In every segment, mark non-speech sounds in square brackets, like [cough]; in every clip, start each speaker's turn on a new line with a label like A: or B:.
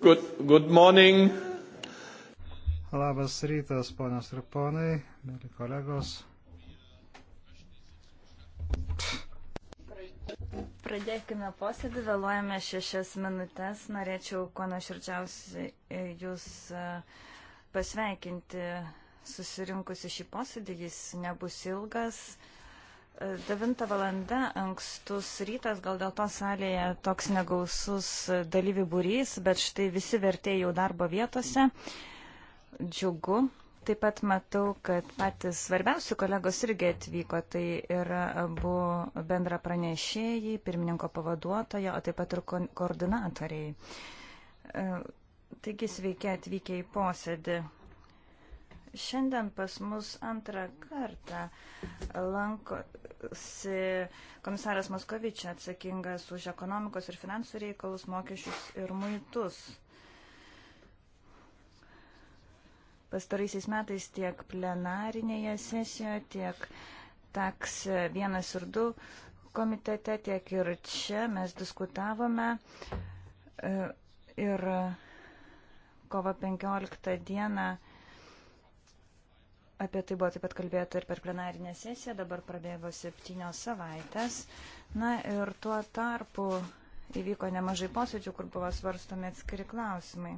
A: Good, good morning.
B: Labas rytas, ponios ir ponai, mėly kolegos.
C: Pradėkime posėdį, vėluojame šešias minutės. Norėčiau kuo nuoširdžiausiai jūs e, pasveikinti susirinkusi šį posėdį, jis nebus ilgas. 9 valanda ankstus rytas, gal dėl to salėje toks negausus dalyvių būrys, bet štai visi vertėjai jau darbo vietose. Džiugu. Taip pat matau, kad patys svarbiausi kolegos irgi atvyko. Tai yra abu bendra pranešėjai, pirmininko pavaduotoja, o taip pat ir ko koordinatoriai. E, taigi sveiki atvykę į posėdį. Šiandien pas mus antrą kartą lanko, lankosi komisaras Moskovičia atsakingas už ekonomikos ir finansų reikalus, mokesčius ir muitus. Pastaraisiais metais tiek plenarinėje sesijoje, tiek taks vienas ir du komitete, tiek ir čia mes diskutavome. E, ir kovo 15 dieną Apie tai buvo taip pat kalbėta ir per plenarinę sesiją, dabar prabėgo septynios savaitės. Na ir tuo tarpu įvyko nemažai posėdžių, kur buvo svarstomi atskiri klausimai.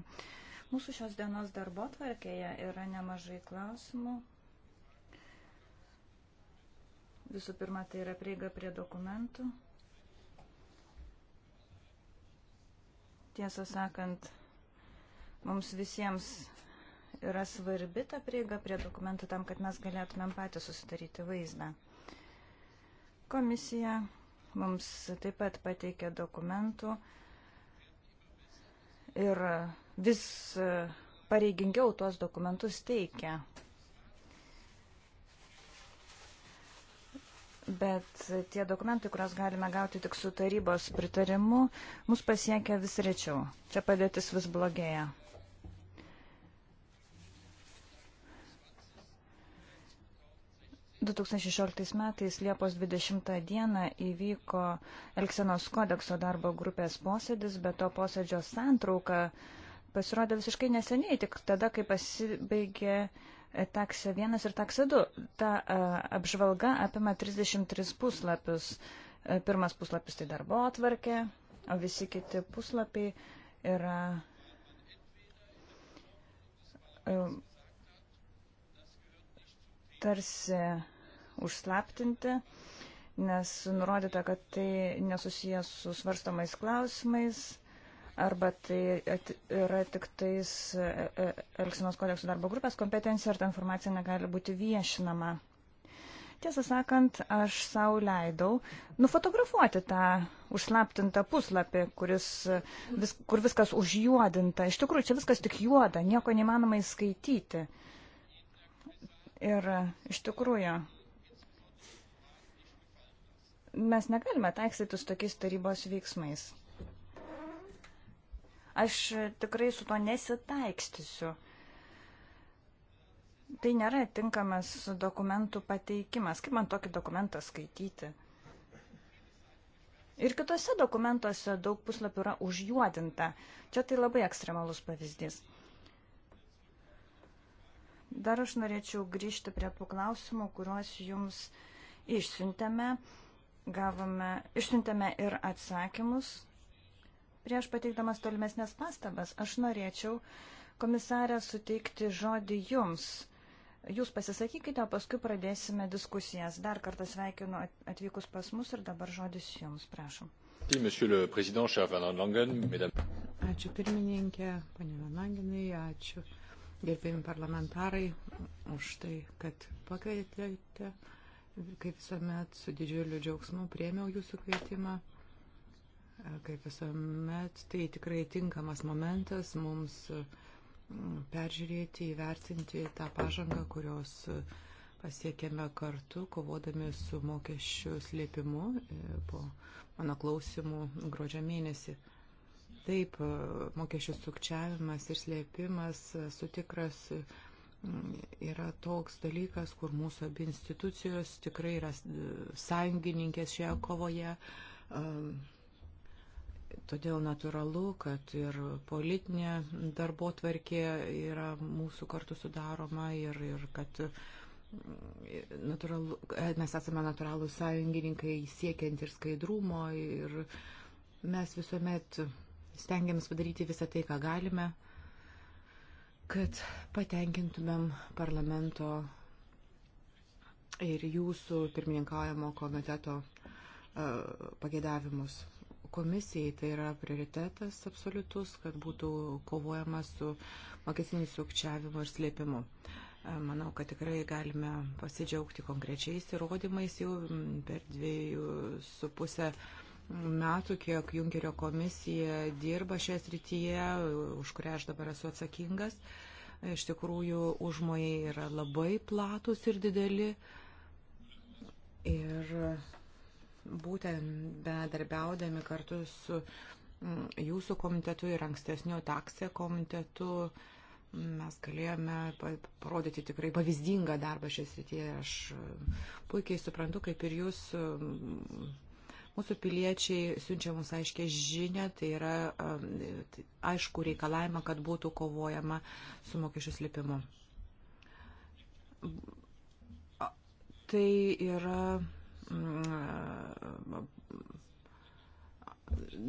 C: Mūsų šios dienos darbo tvarkėje yra nemažai klausimų. Visų pirma, tai yra prieiga prie dokumentų. Tiesą sakant, mums visiems yra svarbi ta prieiga prie dokumentų tam, kad mes galėtumėm patys susidaryti vaizdą. Komisija mums taip pat pateikė dokumentų ir vis pareigingiau tuos dokumentus teikia. Bet tie dokumentai, kuriuos galime gauti tik su tarybos pritarimu, mus pasiekia vis rečiau. Čia padėtis vis blogėja. 2016 metais Liepos 20 dieną įvyko Elksenos kodekso darbo grupės posėdis, bet to posėdžio santrauka pasirodė visiškai neseniai, tik tada, kai pasibaigė e, taksė 1 ir taksė 2. Ta a, e, apžvalga apima 33 puslapius. E, pirmas puslapis tai darbo atvarkė, o visi kiti puslapiai yra. A, tarsi užslaptinti, nes nurodyta, kad tai nesusijęs su svarstomais klausimais arba tai yra tik tais e, e, Elksinos kodeksų darbo grupės kompetencija ir ta informacija negali būti viešinama. Tiesą sakant, aš savo leidau nufotografuoti tą užslaptintą puslapį, kuris, e, vis, kur viskas užjuodinta. Iš tikrųjų, čia viskas tik juoda, nieko neįmanoma įskaityti. Ir iš tikrųjų, Mes negalime taikstyti su tokiais tarybos veiksmais. Aš tikrai su to nesitaikstysiu. Tai nėra tinkamas dokumentų pateikimas. Kaip man tokį dokumentą skaityti? Ir kitose dokumentuose daug puslapių yra užjuodinta. Čia tai labai ekstremalus pavyzdys. Dar aš norėčiau grįžti prie tų klausimų, kuriuos jums išsiuntėme. Uh, gavome, išsiuntėme ir atsakymus. Prieš pateikdamas tolimesnės pastabas, aš norėčiau komisarę suteikti žodį jums. Jūs pasisakykite, o paskui pradėsime diskusijas. Dar kartą sveikinu atvykus pas mus
A: ir dabar žodis jums, prašom. Ačiū pirmininkė, panė Van Langenai, ačiū gerbėjim parlamentarai už tai, kad pakvietėte. Kaip visuomet su didžiuliu džiaugsmu priemiau jūsų kvietimą. Kaip visuomet, tai tikrai tinkamas momentas mums mm, peržiūrėti, įvertinti tą pažangą, kurios e, pasiekėme kartu, kovodami su mokesčių slėpimu e, po mano klausimų gruodžio mėnesį. Taip, e, mokesčių sukčiavimas ir slėpimas, sutikras. tikras yra toks dalykas, kur mūsų abi institucijos tikrai yra sąjungininkės šioje kovoje. Todėl natūralu, kad ir politinė darbo tvarkė yra mūsų kartu sudaroma ir, ir kad mm, natūralu, e, mes esame natūralų sąjungininkai siekiant ir skaidrumo ir mes visuomet stengiamės padaryti visą tai, ką galime kad patenkintumėm parlamento ir jūsų pirmininkaujamo komiteto e, pagėdavimus. Komisijai tai yra prioritetas absoliutus, kad būtų kovojama su mokestiniu sukčiavimu ir slėpimu. E, manau, kad tikrai galime pasidžiaugti konkrečiais įrodymais jau per dviejų su pusę metų metų, kiek Junkerio komisija dirba šioje srityje, už kurią aš dabar esu atsakingas. Iš tikrųjų, užmojai yra labai platus ir dideli. Ir būtent bedarbiaudami kartu su mm, jūsų komitetu ir ankstesniu taksė komitetu mes galėjome parodyti tikrai pavyzdingą darbą šią srityje. Aš puikiai suprantu, kaip ir jūs mm, Mūsų piliečiai siunčia mums aiškę žinę, tai yra um, tai aišku reikalavimą, kad būtų kovojama su mokesčių slėpimu. Tai yra mm,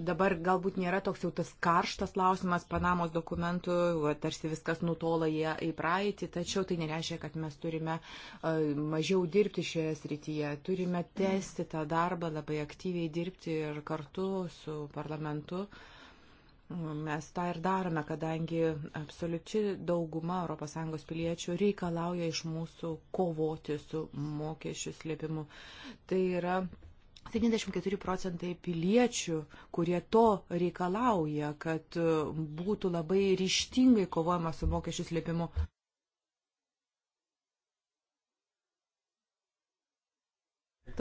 A: dabar galbūt nėra toks jau tas karštas klausimas Panamos dokumentų, tarsi viskas nutola į, į praeitį, tačiau tai nereiškia, kad mes turime mažiau dirbti šioje srityje. Turime tęsti tą darbą, labai aktyviai dirbti ir kartu su parlamentu. Mes tą ir darome, kadangi absoliučiai dauguma ES piliečių reikalauja iš mūsų kovoti su mokesčių slėpimu. Tai yra 74 procentai piliečių, kurie to reikalauja, kad e, būtų labai ryštingai kovojama su mokesčių slėpimu.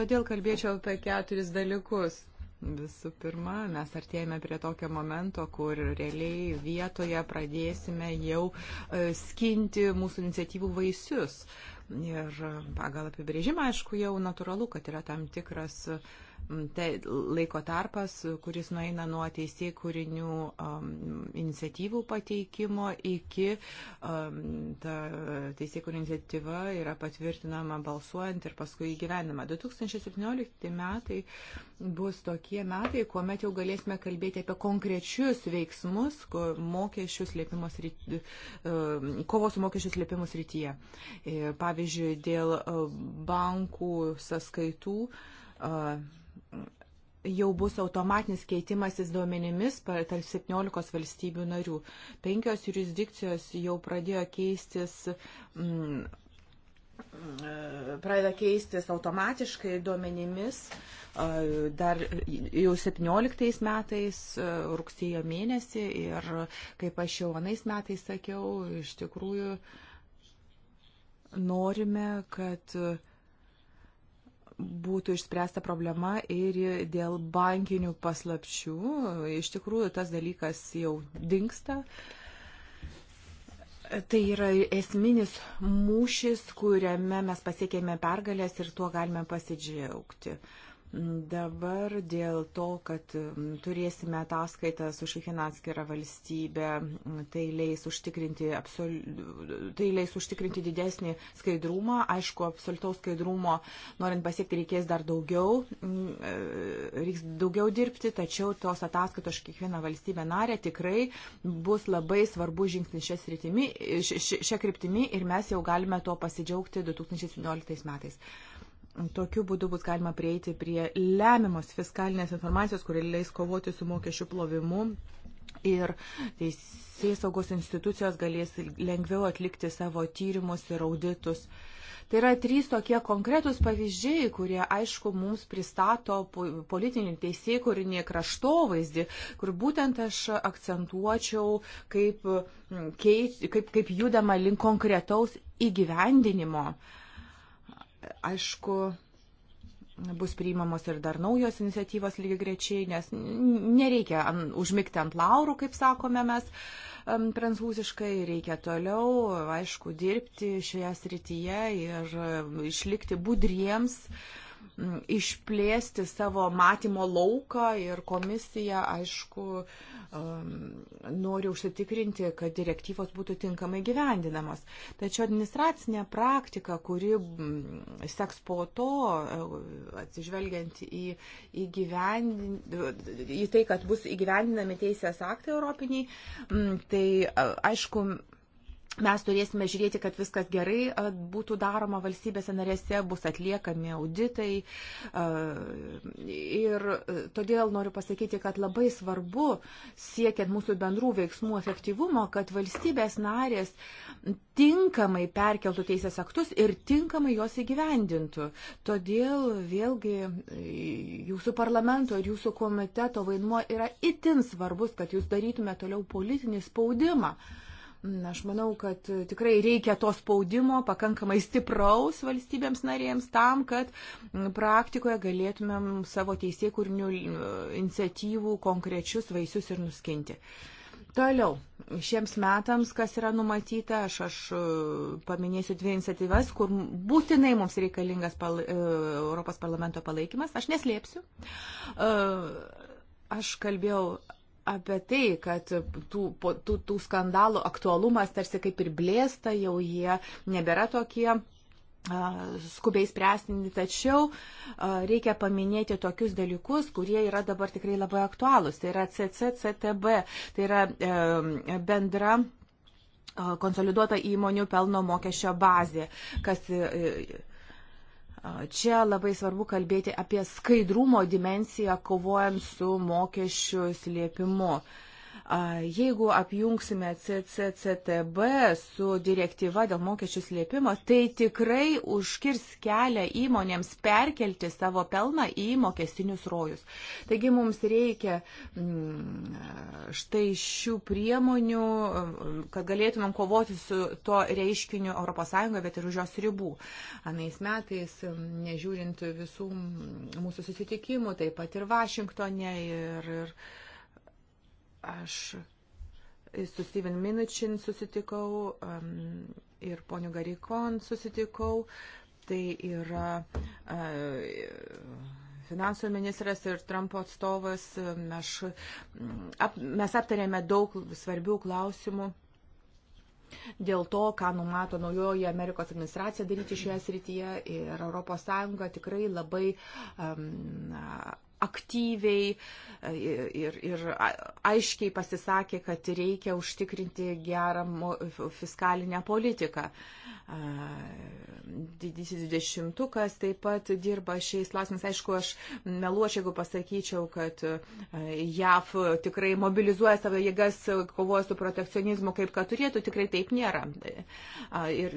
A: Todėl kalbėčiau apie keturis dalykus. Visų pirma, mes artėjame prie tokio momento, kur realiai vietoje pradėsime jau e, skinti mūsų iniciatyvų vaisius. Ir e, pagal apibrėžimą, aišku, jau natūralu, kad yra tam tikras uh, tai laiko tarpas, kuris nueina nuo teisėjų kūrinių um, iniciatyvų pateikimo iki um, teisėjų kūrinių iniciatyva yra patvirtinama balsuojant ir paskui įgyvenama. 2017 metai bus tokie metai, kuomet jau galėsime kalbėti apie konkrečius veiksmus mokesčių slėpimo srityje, um, kovos su mokesčių slėpimo srityje. E, pavyzdžiui, dėl uh, bankų sąskaitų uh, jau bus automatinis keitimasis duomenimis tarp 17 valstybių narių. Penkios jurisdikcijos jau pradėjo keistis. Mm, pradeda keistis automatiškai duomenimis. Dar jau 17 metais, rugsėjo mėnesį ir kaip aš jau anais metais sakiau, iš tikrųjų norime, kad uh, būtų išspręsta problema ir dėl bankinių paslapčių. Iš tikrųjų, tas dalykas jau dinksta. Tai yra esminis mūšis, kuriame mes pasiekėme pergalės ir tuo galime pasidžiaugti. Uh, Dabar dėl to, kad mm, turėsime ataskaitas už kiekvieną atskirą valstybę, tai leis užtikrinti, absol... tai leis užtikrinti didesnį skaidrumą. Aišku, absoliutaus skaidrumo, norint pasiekti, reikės dar daugiau, mm, e, reiks daugiau dirbti, tačiau tos ataskaitos už kiekvieną valstybę narę tikrai bus labai svarbu žingsnis šią, sritimi, šią kryptimį ir mes jau galime tuo pasidžiaugti 2017 metais. Tokiu būdu bus galima prieiti prie lemiamos fiskalinės informacijos, kuri leis kovoti su mokesčių plovimu ir teisės saugos institucijos galės lengviau atlikti savo tyrimus ir auditus. Tai yra trys tokie konkretūs pavyzdžiai, kurie, aišku, mums pristato politinį teisėjų kūrinį kraštovaizdį, kur būtent aš akcentuočiau, kaip, mm, kaip, kaip judama link konkretaus įgyvendinimo. Uh, Aišku, bus priimamos ir dar naujos iniciatyvos lygiai grečiai, nes nereikia an, užmigti ant laurų, kaip sakome mes um, prancūziškai, reikia toliau, aišku, dirbti šioje srityje ir išlikti budriems. Uh, išplėsti savo matymo lauką ir komisija, aišku, um, nori užsitikrinti, kad direktyvos būtų tinkamai gyvendinamos. Tačiau administracinė praktika, kuri seks po to, e, atsižvelgiant į, į, gyvendin... į tai, kad bus įgyvendinami teisės aktai europiniai, tai aišku, mes turėsime žiūrėti, kad viskas gerai būtų daroma valstybėse narėse, bus atliekami auditai. Ir e, todėl noriu pasakyti, kad labai svarbu, siekiant mūsų bendrų veiksmų efektyvumo, kad valstybės narės tinkamai perkeltų teisės aktus ir tinkamai juos įgyvendintų. Todėl vėlgi e, jūsų parlamento ir jūsų komiteto vaidmuo yra itin svarbus, kad jūs darytume toliau politinį spaudimą. Uh, Aš manau, kad e, tikrai reikia to spaudimo pakankamai stipraus valstybėms narėms tam, kad praktikoje galėtumėm savo teisėkurnių e, iniciatyvų konkrečius vaisius ir nuskinti. Toliau, šiems metams, kas yra numatyta, aš, aš e, paminėsiu dvi iniciatyvas, kur būtinai mums reikalingas pala, Europos parlamento palaikymas, aš neslėpsiu. Aš kalbėjau apie tai, kad tų, tų, tų skandalų aktualumas tarsi kaip ir blėsta, jau jie nebėra tokie skubiai spręstini, tačiau reikia paminėti tokius dalykus, kurie yra dabar tikrai labai aktualūs. Tai yra CCCTB, tai yra e, bendra konsoliduota įmonių pelno mokesčio bazė, kas e, Čia labai svarbu kalbėti apie skaidrumo dimenciją kovojant su mokesčių slėpimu. Uh, Jeigu apjungsime CCCTB su direktyva dėl mokesčių slėpimo, tai tikrai užkirs kelią įmonėms perkelti savo pelną į mokestinius rojus. Taigi mums reikia mm, štai šių priemonių, kad galėtumėm kovoti su to reiškiniu ES, bet ir už jos ribų. Anais metais, nežiūrint visų mūsų susitikimų, taip pat ir Vašingtonė. Ir, ir Aš su Steven Miničin susitikau um, ir poniu Garikon susitikau. Tai yra uh, finansų ministras ir Trumpo atstovas. Mes, ap, mes aptarėme daug svarbių klausimų dėl to, ką numato naujoji Amerikos administracija daryti šioje srityje ir ES tikrai labai um, aktyviai e, ir, ir aiškiai pasisakė, kad reikia užtikrinti gerą fiskalinę politiką. Didysis dešimtukas taip pat dirba šiais klausimais. Aišku, aš meluočiau, jeigu pasakyčiau, kad e, JAF tikrai mobilizuoja savo jėgas, kovoja su protekcionizmu, kaip kad turėtų, tikrai taip nėra. Ir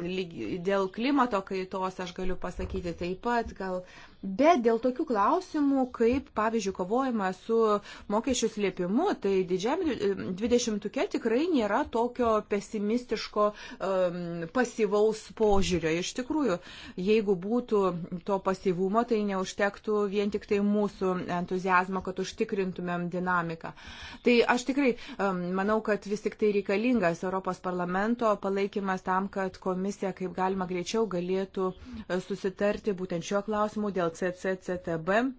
A: dėl klimato kaitos aš galiu pasakyti taip pat, gal Bet dėl tokių klausimų, kaip, pavyzdžiui, kovojama su mokesčių slėpimu, tai didžiam e, dvidešimtuke tikrai nėra tokio pesimistiško um, pasivaus požiūrio. Iš tikrųjų, jeigu būtų to pasivumo, tai neužtektų vien tik tai mūsų entuzijazmo, kad užtikrintumėm dinamiką. Tai aš tikrai um, manau, kad vis tik tai reikalingas Europos parlamento palaikymas tam, kad komisija kaip galima greičiau galėtų e, susitarti būtent šiuo klausimu dėl dėl CCCTB.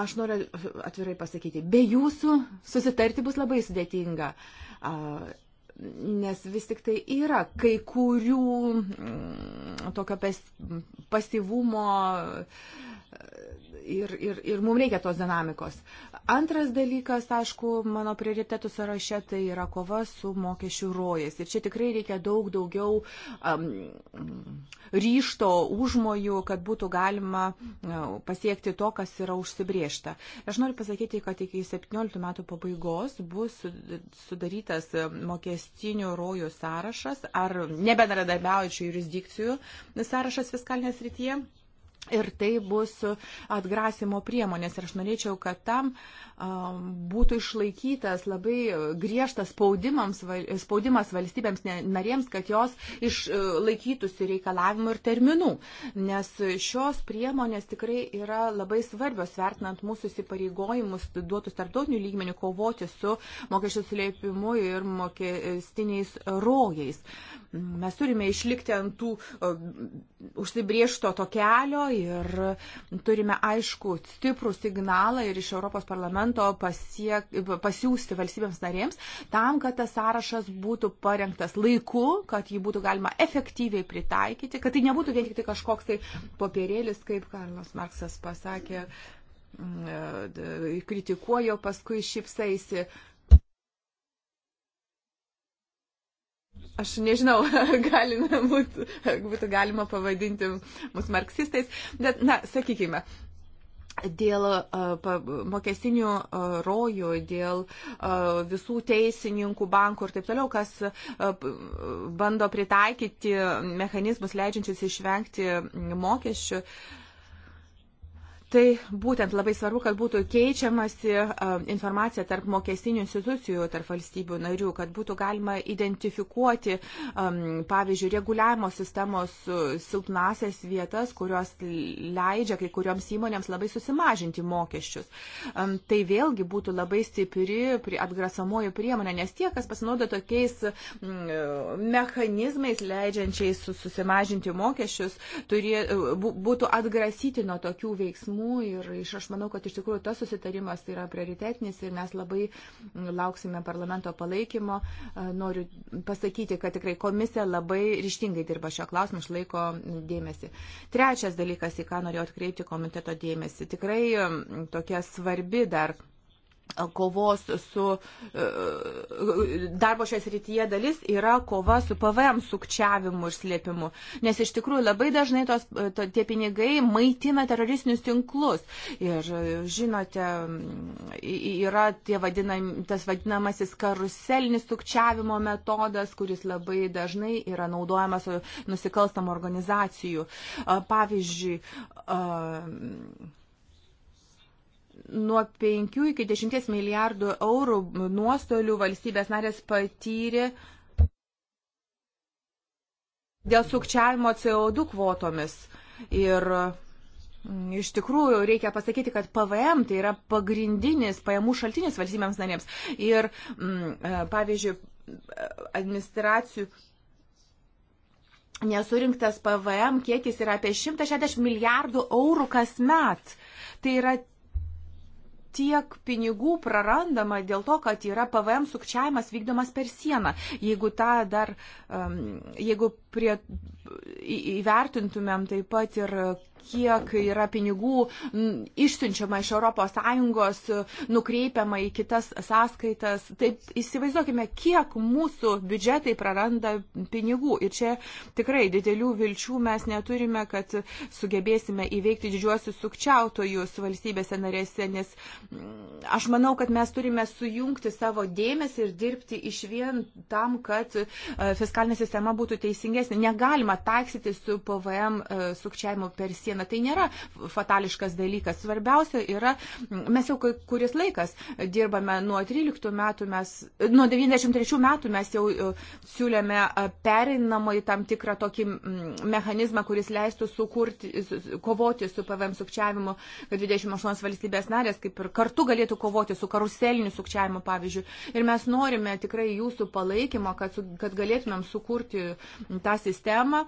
A: Aš noriu atvirai pasakyti, be jūsų susitarti bus labai sudėtinga, nes vis tik tai yra kai kurių mm, tokio pasyvumo ir, ir, ir mums reikia tos dinamikos. Antras dalykas, aišku, mano prioritetų sąraše tai yra kova su mokesčių rojas. Ir čia tikrai reikia daug daugiau um, ryšto, užmojų, kad būtų galima uh, pasiekti to, kas yra užsibriešta. Aš noriu pasakyti, kad iki 17 metų pabaigos bus sudarytas e, mokestinių rojų sąrašas ar nebendradarbiaujančių jurisdikcijų sąrašas fiskalinės rytyje. Ir tai bus atgrasimo priemonės. Ir aš norėčiau, kad tam um, būtų išlaikytas labai griežtas spaudimas valstybėms narėms, kad jos išlaikytųsi reikalavimų ir terminų. Nes šios priemonės tikrai yra labai svarbios, vertinant mūsų įsipareigojimus duotus tarptautinių lygmenių kovoti su mokesčių slėpimu ir mokestiniais rojais. Mes turime išlikti ant tų uh, užsibriešto to kelio ir turime aišku stiprų signalą ir iš Europos parlamento pasiek, pasiūsti valstybėms narėms tam, kad tas sąrašas būtų parengtas laiku, kad jį būtų galima efektyviai pritaikyti, kad tai nebūtų vien tik tai kažkoks tai popierėlis, kaip Karlos Marksas pasakė, mm, e, kritikuojo, paskui šipsaisi. Aš nežinau, ar [laughs] galime būtų, būtų galima pavadinti mus marksistais, bet, na, sakykime, dėl mokestinių rojų, dėl visų teisininkų, bankų ir taip toliau, kas bando pritaikyti mechanizmus leidžiančius išvengti mokesčių. Tai būtent labai svarbu, kad būtų keičiamasi informacija tarp mokestinių institucijų, tarp valstybių narių, kad būtų galima identifikuoti, pavyzdžiui, reguliavimo sistemos silpnasias vietas, kurios leidžia kai kurioms įmonėms labai susimažinti mokesčius. Tai vėlgi būtų labai stipri atgrasamoji priemonė, nes tie, kas pasinaudo tokiais mechanizmais leidžiančiais susimažinti mokesčius, turė, būtų atgrasyti nuo tokių veiksmų veiksmų ir aš manau, kad iš tikrųjų tas susitarimas yra prioritetinis ir mes labai mm, lauksime parlamento palaikymo. Noriu pasakyti, kad tikrai komisija labai ryštingai dirba šio klausimu, išlaiko dėmesį. Trečias dalykas, į ką norėjau atkreipti komiteto dėmesį, tikrai mm, tokia svarbi dar kovos su e, darbo šios rytyje dalis yra kova su PVM sukčiavimu ir slėpimu. Nes iš tikrųjų labai dažnai tos, e, to, tie pinigai maitina teroristinius tinklus. Ir e, žinote, yra tie vadinam, tas vadinamasis karuselinis sukčiavimo metodas, kuris labai dažnai yra naudojamas nusikalstamų organizacijų. Pavyzdžiui, nuo 5 iki 10 milijardų eurų nuostolių valstybės narės patyrė dėl sukčiavimo CO2 kvotomis. Ir mm, Iš tikrųjų, reikia pasakyti, kad PVM tai yra pagrindinis pajamų šaltinis valstybėms narėms. Ir, m, mm, e, pavyzdžiui, administracijų nesurinktas PVM kiekis yra apie 160 milijardų eurų kasmet. Tai yra tiek pinigų prarandama dėl to, kad yra PVM sukčiavimas vykdomas per sieną. Jeigu tą dar, um, jeigu prie, įvertintumėm taip pat ir kiek yra pinigų išsiunčiama iš ES, nukreipiama į kitas sąskaitas. Taip įsivaizduokime, kiek mūsų biudžetai praranda pinigų. Ir čia tikrai didelių vilčių mes neturime, kad sugebėsime įveikti didžiuosius sukčiautojus valstybėse narėse, nes mm, aš manau, kad mes turime sujungti savo dėmesį ir dirbti iš vien tam, kad e, fiskalinė sistema būtų teisingesnė. Negalima taiksyti su PVM e, sukčiavimu per sieną sieną. Tai nėra fatališkas dalykas. Svarbiausia yra, mes jau kuris laikas dirbame nuo 13 metų, mes, nuo 93 metų mes jau e, siūlėme e, perinamai tam tikrą tokį mechanizmą, kuris leistų sukurti, kovoti su PVM sukčiavimu, kad 28 valstybės narės kaip ir kartu galėtų kovoti su karuseliniu sukčiavimu, pavyzdžiui. Ir mes norime tikrai jūsų palaikymo, kad, kad galėtumėm sukurti tą sistemą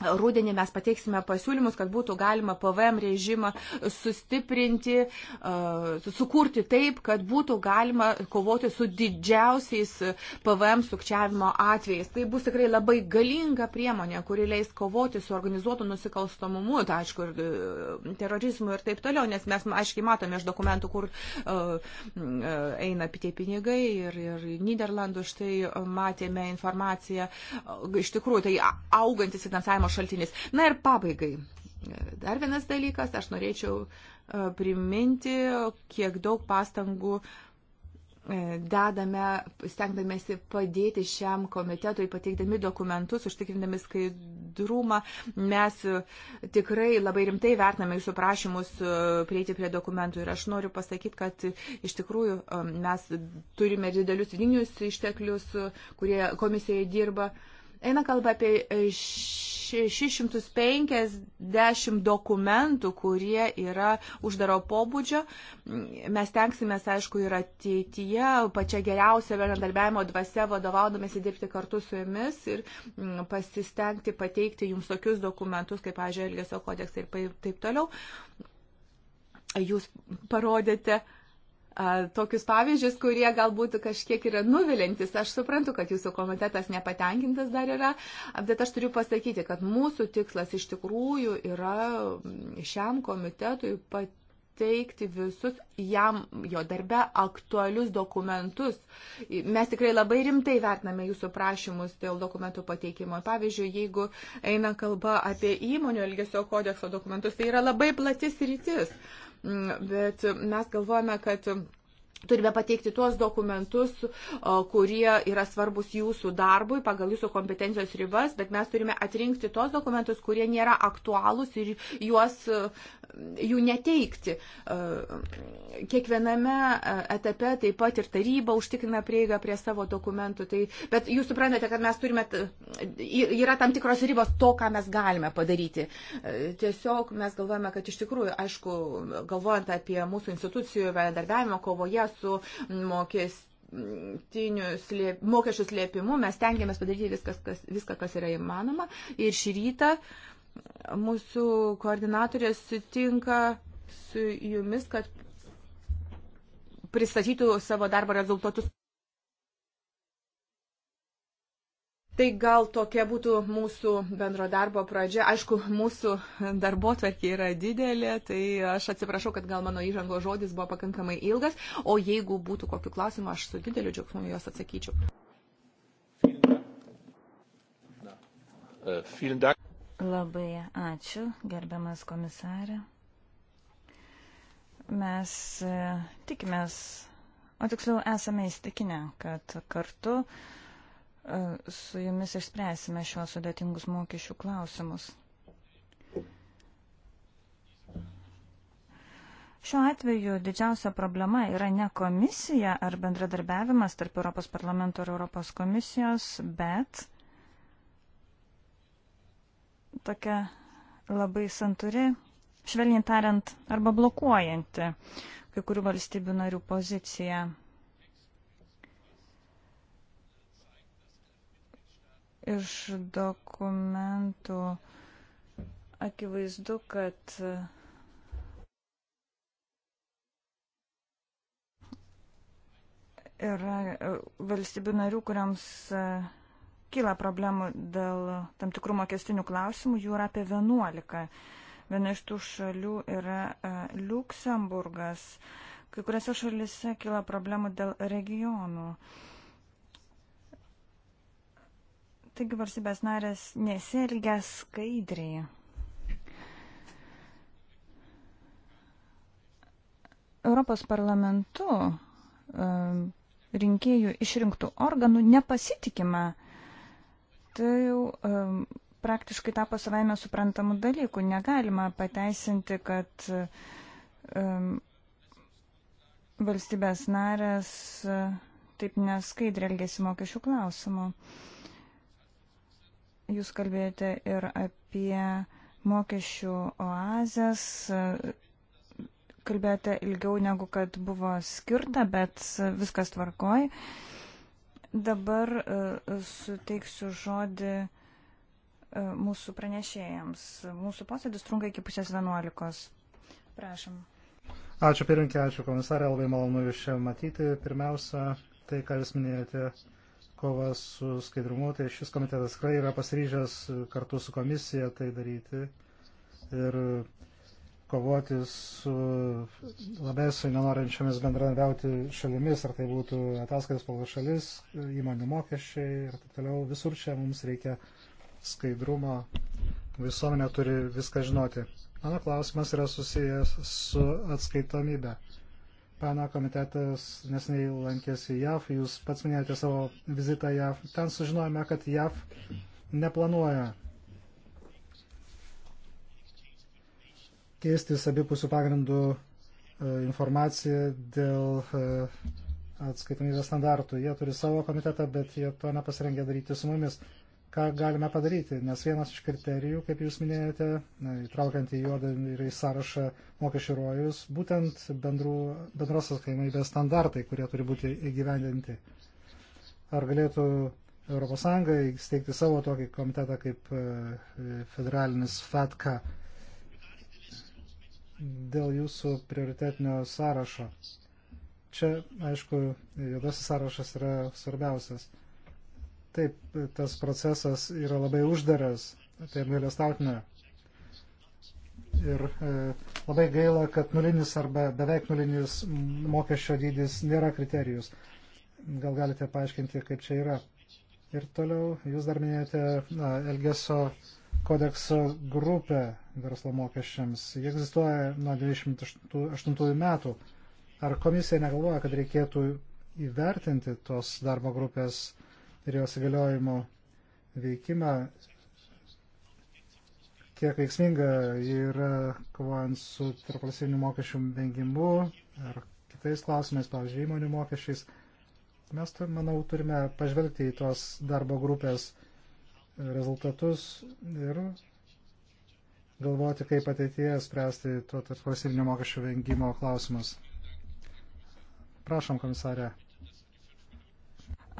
A: Rūdienį mes pateiksime pasiūlymus, kad būtų galima PVM režimą sustiprinti, uh, sukurti taip, kad būtų galima kovoti su didžiausiais PVM sukčiavimo atvejais. Tai bus tikrai labai galinga priemonė, kuri leis kovoti su organizuotu nusikalstamumu, tai aišku, ir uh, terorizmu ir taip toliau, nes mes aiškiai matome iš dokumentų, kur uh, eina tie pinigai ir, ir Niderlandų štai matėme informaciją. Iš tikrųjų, tai augantis finansavimas finansavimo šaltinis. Na ir pabaigai. Dar vienas dalykas, aš norėčiau e, priminti, kiek daug pastangų e, dedame, stengdamėsi padėti šiam komitetui, pateikdami dokumentus, užtikrindami skaidrumą. Mes e, tikrai labai rimtai vertiname jūsų prašymus prieiti prie dokumentų. Ir aš noriu pasakyti, kad iš tikrųjų mes turime didelius vidinius išteklius, kurie komisijoje dirba. Eina kalba apie 650 e, dokumentų, kurie yra uždaro pobūdžio. Mes tenksimės, aišku, ir ateityje pačia geriausia bendradarbiavimo dvasia vadovaudomėsi dirbti kartu su jumis ir pasistengti pateikti jums tokius dokumentus, kaip, pažiūrėjau, Elgesio kodeksai ir taip toliau. Jūs parodėte tokius pavyzdžius, kurie galbūt kažkiek yra nuvilintis. Aš suprantu, kad jūsų komitetas nepatenkintas dar yra, bet aš turiu pasakyti, kad mūsų tikslas iš tikrųjų yra šiam komitetui pateikti visus jam jo darbe aktualius dokumentus. Mes tikrai labai rimtai vertiname jūsų prašymus dėl dokumentų pateikimo. Pavyzdžiui, jeigu eina kalba apie įmonių elgesio kodekso dokumentus, tai yra labai platis rytis. Uh, Mm, bet mes galvojame, kad Turime pateikti tuos dokumentus, kurie yra svarbus jūsų darbui pagal jūsų kompetencijos ribas, bet mes turime atrinkti tuos dokumentus, kurie nėra aktualūs ir juos jų neteikti. E, kiekviename e, etape taip pat ir taryba užtikrina prieigą prie savo dokumentų. Tai, bet jūs suprantate, kad mes turime, yra tam tikros ribos to, ką mes galime padaryti. E, tiesiog mes galvojame, kad iš tikrųjų, aišku, galvojant apie mūsų institucijų bendarbiavimo kovoje su mokestis slėp, mokesčių slėpimu mes tengiamės padaryti viskas, kas, viską, kas yra įmanoma. Ir šį rytą uh, Mūsų koordinatorė sutinka su jumis, kad pristatytų savo darbo rezultatus. Tai gal tokia būtų mūsų bendro darbo pradžia. Aišku, mūsų darbo tvarkė yra didelė, tai aš atsiprašau, kad gal mano įžango žodis buvo pakankamai ilgas, o jeigu būtų kokiu klausimu, aš su dideliu džiaugsmu juos atsakyčiau.
C: Labai ačiū, gerbiamas komisarė. Mes e, tikimės, o tiksliau esame įstikinę, kad kartu e, su jumis išspręsime šios sudėtingus mokesčių klausimus. Šiuo atveju didžiausia problema yra ne komisija ar bendradarbiavimas tarp Europos parlamento ir Europos komisijos, bet tokia labai santuri, švelniai tariant, arba blokuojanti kai kurių valstybių narių poziciją. Iš dokumentų akivaizdu, kad yra valstybių narių, kuriams kyla problemų dėl tam tikrų mokestinių klausimų, jų yra apie 11. Viena iš tų šalių yra e, Luksemburgas. Kai kuriuose šalise kyla problemų dėl regionų. Taigi varsybės narės nesielgia skaidriai. Europos parlamentu e, rinkėjų išrinktų organų nepasitikima tai jau um, praktiškai tapo savaime suprantamų dalykų. Negalima pateisinti, kad um, valstybės narės uh, taip neskaidrė elgesi mokesčių klausimų. Jūs kalbėjote ir apie mokesčių oazės, uh, kalbėjote ilgiau negu kad buvo skirta, bet viskas tvarkoj. Uh, Dabar e, e, suteiksiu žodį e, mūsų pranešėjams. Mūsų posėdis trunka iki pusės vienuolikos. Prašom.
B: Ačiū pirinkė, ačiū komisarė, labai malonu jūs čia matyti. Pirmiausia, tai, ką jūs minėjote, kova su skaidrumu, tai šis komitetas tikrai yra pasiryžęs kartu su komisija tai daryti. Ir kovoti su labiausiai nenorinčiomis bendradarbiauti šalimis, ar tai būtų ataskaitos pagal šalis, įmonių mokesčiai ir taip toliau. Visur čia mums reikia skaidrumo, visuomenė turi viską žinoti. Mano klausimas yra susijęs su atskaitomybė. Pano komitetas nesnei lankėsi JAV, jūs pats minėjote savo vizitą JAV. Ten sužinojome, kad JAV neplanuoja keistis abipusių pagrindų e, informaciją dėl e, atskaitomybės standartų. Jie turi savo komitetą, bet jie to nepasirengė daryti su mumis. Ką galime padaryti? Nes vienas iš kriterijų, kaip jūs minėjote, įtraukiant į juodą ir į sąrašą mokesčių rojus, būtent bendrų, bendros atskaitomybės standartai, kurie turi būti įgyvendinti. Ar galėtų ES steigti savo tokį komitetą kaip e, federalinis FATCA? dėl jūsų prioritetinio sąrašo. Čia, aišku, juodasis sąrašas yra svarbiausias. Taip, tas procesas yra labai uždaras, tai apgailestautina. Ir e, labai gaila, kad nulinis arba beveik nulinis mokesčio dydis nėra kriterijus. Gal galite paaiškinti, kaip čia yra. Ir toliau jūs dar minėjote na, Elgeso kodekso grupę verslo mokesčiams. Jie egzistuoja nuo 1998 metų. Ar komisija negalvoja, kad reikėtų įvertinti tos darbo grupės ir jos įgaliojimo veikimą, kiek veiksminga jie yra kovojant su tarpvalstybiniu mokesčių vengimu ar kitais klausimais, pavyzdžiui, įmonių mokesčiais? Mes, manau, turime pažvelgti į tos darbo grupės rezultatus ir galvoti, kaip ateityje spręsti tuo tarp valstybinio mokesčių vengimo klausimus. Prašom, komisarė.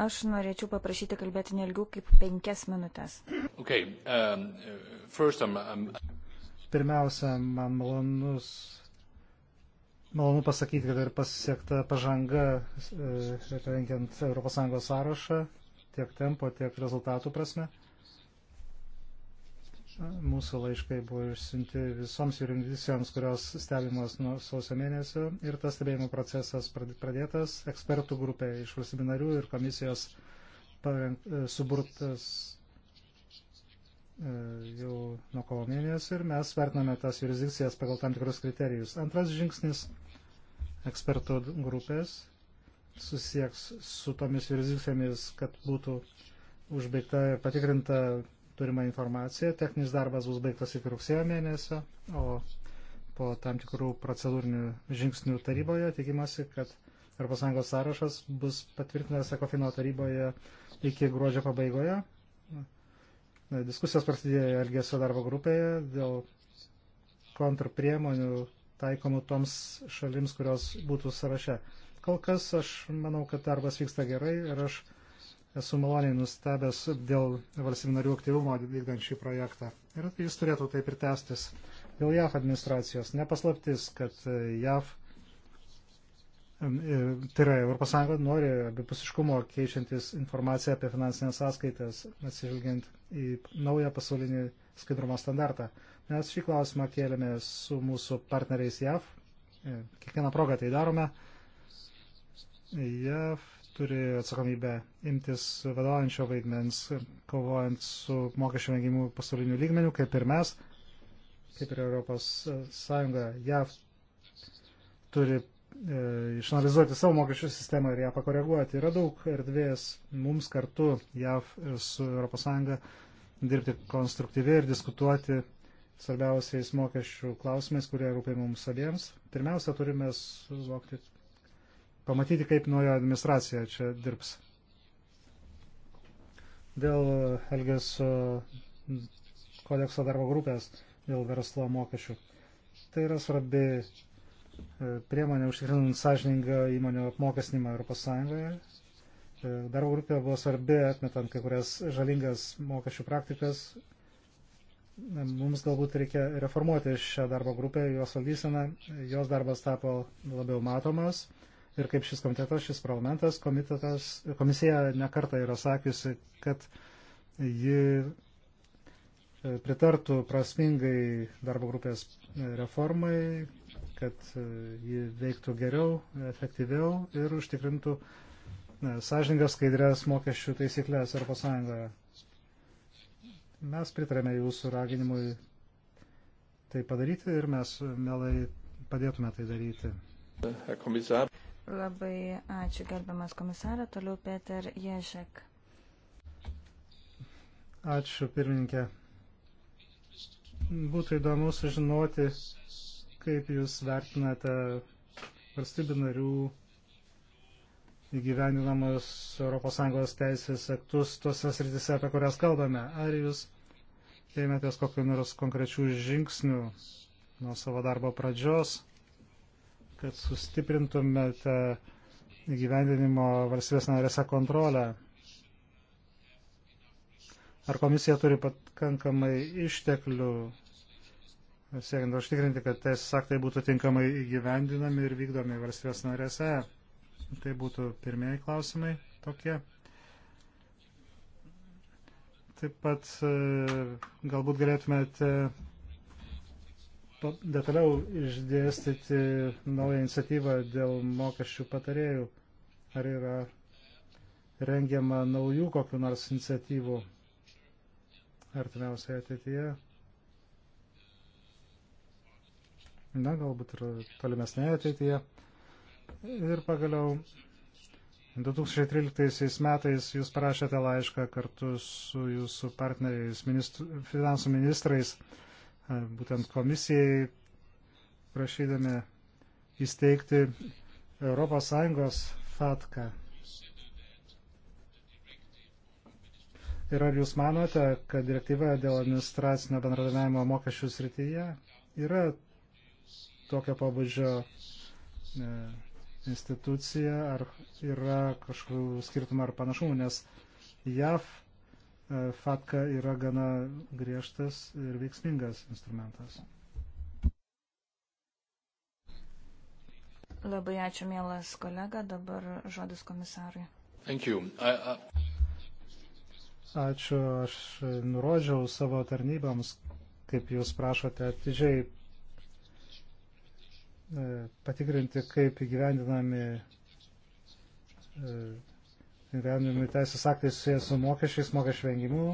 C: Aš norėčiau paprašyti kalbėti nelgiau kaip penkias minutės.
A: Okay, um, first, um, um...
C: Pirmiausia, man malonus malonu
B: pasakyti, kad ir pasiekta pažanga e, rengiant ES sąrašą tiek tempo, tiek rezultatų prasme. Mūsų laiškai buvo išsiunti visoms jurisdikcijoms, kurios stebimos nuo sausio mėnesio ir tas stebėjimo procesas pradėtas ekspertų grupė iš valstybių narių ir komisijos e, suburtas E, jau nuo kovo mėnesio ir mes vertiname tas jurisdikcijas pagal tam tikrus kriterijus. Antras žingsnis ekspertų grupės susieks su tomis jurisdikcijomis, kad būtų užbaigta ir patikrinta turima informacija. Techninis darbas bus baigtas iki rugsėjo mėnesio, o po tam tikrų procedūrinių žingsnių taryboje tikimasi, kad ES sąrašas bus patvirtintas Ekofino taryboje iki gruodžio pabaigoje Diskusijos prasidėjo Elgėsio darbo grupėje dėl kontrpriemonių taikomų toms šalims, kurios būtų sąraše. Kol kas aš manau, kad darbas vyksta gerai ir aš esu maloniai nustebęs dėl valstybių narių aktyvumo vykdant šį projektą. Ir jis turėtų taip ir tęstis. Dėl JAF administracijos nepaslaptis, kad JAF E, tai yra, ES nori abipusiškumo keičiantis informaciją apie finansinės sąskaitas, atsižvelgiant į naują pasaulinį skaidrumo standartą. Mes šį klausimą kėlėme su mūsų partneriais JAV. E, kiekvieną progą tai darome. JAV turi atsakomybę imtis vadovaujančio vaidmens, kovojant su mokesčių vengimu pasauliniu lygmeniu, kaip ir mes, kaip ir ES. JAV turi E, išanalizuoti savo mokesčių sistemą ir ją pakoreguoti. Yra daug erdvės mums kartu JAV su ES dirbti konstruktyviai ir diskutuoti svarbiausiais mokesčių klausimais, kurie rūpia mums abiems. Pirmiausia, turime suvokti, pamatyti, kaip nuojo administracija čia dirbs. Dėl Elgesio kodekso darbo grupės, dėl verslo mokesčių. Tai yra svarbi E, priemonė užtikrinant sąžiningą įmonių apmokestinimą ES. E, darbo grupė buvo svarbi atmetant kai kurias žalingas mokesčių praktikas. E, mums galbūt reikia reformuoti šią darbo grupę, jos valdyseną. Jos darbas tapo labiau matomas. Ir kaip šis komitetas, šis parlamentas, komitetas, komisija nekarta yra sakiusi, kad ji pritartų prasmingai darbo grupės reformai, kad e, ji veiktų geriau, efektyviau ir užtikrintų sąžininkas skaidrės mokesčių taisyklės Europos Sąjungoje. Mes pritarėme jūsų raginimui tai padaryti ir mes mielai padėtume tai daryti.
C: Komisar. Labai ačiū gerbiamas komisarą, toliau Peter Ješek.
B: Ačiū pirmininkė. Būtų įdomu sužinoti, Kaip Jūs vertinate valstybių narių įgyvendinamus ES teisės aktus tuose srityse, apie kurias kalbame? Ar Jūs ėmėtės kokiu nors konkrečių žingsnių nuo savo darbo pradžios, kad sustiprintumėte įgyvendinimo valstybės narėse kontrolę? Ar komisija turi pakankamai išteklių siekiant užtikrinti, kad teisės aktai būtų tinkamai įgyvendinami ir vykdomi valstybės narėse. Tai būtų pirmieji klausimai tokie. Taip pat e, galbūt galėtumėte detaliau išdėstyti naują iniciatyvą dėl mokesčių patarėjų. Ar yra rengiama naujų kokiu nors iniciatyvų artimiausioje ateityje? na, galbūt ir tolimesnėje ateityje. Ir pagaliau 2013 metais jūs parašėte laišką kartu su jūsų partneriais, ministru, finansų ministrais, būtent komisijai, prašydami įsteigti ES FATKA. Ir ar jūs manote, kad direktyva dėl administracinio bendradarbiavimo mokesčių srityje yra tokio pabudžio e, institucija, ar yra kažkokių skirtumų ar panašumų, nes JAV e, FATKA yra gana griežtas ir veiksmingas instrumentas.
C: Labai ačiū, mielas kolega, dabar žodis komisarui. Thank you. I, I...
B: Ačiū, aš nurodžiau savo tarnybams, kaip jūs prašote atidžiai E, patikrinti, kaip įgyvendinami, e, įgyvendinami teisės aktai susijęs su mokesčiais, mokesčių vengimu,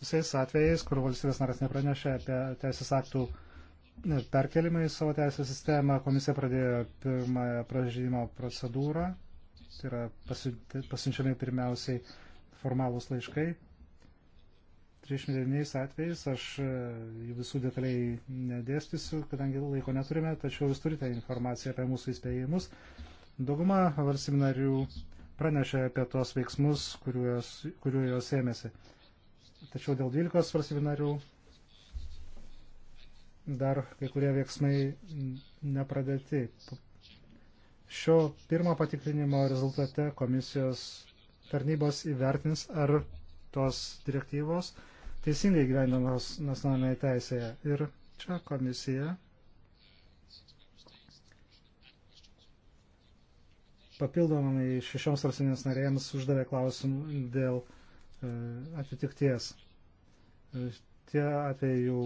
B: visais atvejais, kur valstybės naras nepranešė apie teisės aktų e, perkelimą į savo teisės sistemą, komisija pradėjo pirmąją pražydimo procedūrą, tai yra pasiunčiami pirmiausiai formalūs laiškai 309 atvejais, aš e, jų visų detaliai nedėstysiu, kadangi laiko neturime, tačiau jūs turite informaciją apie mūsų įspėjimus. Dauguma valstybių narių pranešė apie tos veiksmus, kuriuos, kuriuo jos ėmėsi. Tačiau dėl 12 valstybių narių dar kai kurie veiksmai nepradėti. Šio pirmo patikrinimo rezultate komisijos tarnybos įvertins, ar tos direktyvos teisingai gyvendamos nacionalinėje teisėje. Ir čia komisija papildomai šešioms valstybėms narėjams uždavė klausimų dėl e, atitikties. E, tie atvejai jau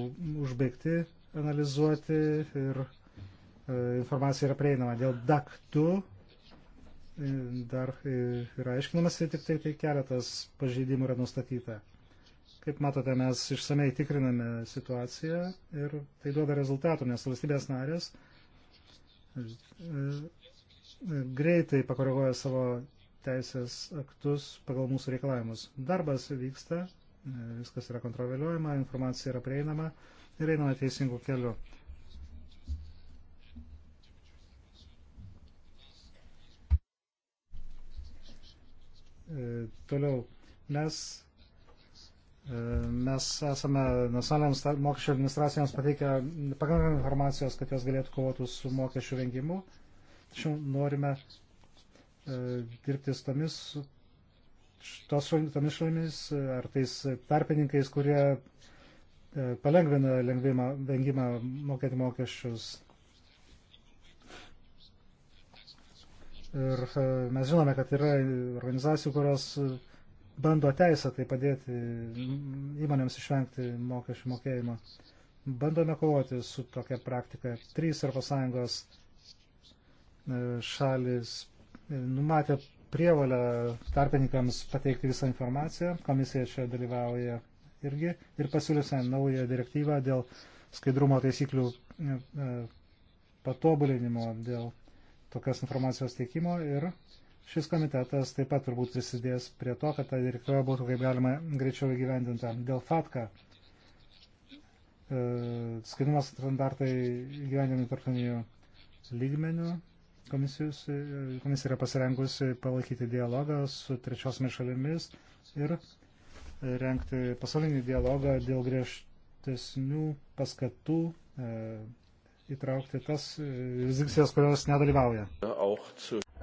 B: užbaigti analizuoti ir e, informacija yra prieinama. Dėl DAC2 dar yra aiškinamasi, tik tai, tai keletas pažeidimų yra nustatyta. Kaip matote, mes išsamei tikriname situaciją ir tai duoda rezultatų, nes valstybės narės e, e, greitai pakoreguoja savo teisės aktus pagal mūsų reikalavimus. Darbas vyksta, e, viskas yra kontroliuojama, informacija yra prieinama ir einama teisingų kelių. Toliau mes E, mes esame nacionaliniams mokesčių administracijoms pateikę pakankamai informacijos, kad jos galėtų kovotų su mokesčių vengimu. Tačiau norime e, dirbti su tomis, tos, tomis šalimis ar tais tarpininkais, kurie e, palengvina lengvimą, vengimą mokėti mokesčius. Ir mes žinome, kad yra organizacijų, kurios bando teisę tai padėti įmonėms išvengti mokesčių mokėjimo. Bandome kovoti su tokia praktika. Trys Europos Sąjungos e, šalis e, numatė prievalę tarpininkams pateikti visą informaciją. Komisija čia dalyvauja irgi ir pasiūlėse naują direktyvą dėl skaidrumo taisyklių e, patobulinimo, dėl tokios informacijos teikimo ir Šis komitetas taip pat turbūt prisidės prie to, kad ta direktyva būtų kaip galima greičiau įgyvendinta. Dėl FATKA e, skaidrumo standartai gyvenami tarptautiniu lygmeniu. Komisijos, e, komisija yra pasirengusi palaikyti dialogą su trečiosiomis šalimis ir renkti pasaulinį dialogą dėl griežtesnių paskatų e, įtraukti tas e, jurisdikcijas, kurios nedalyvauja.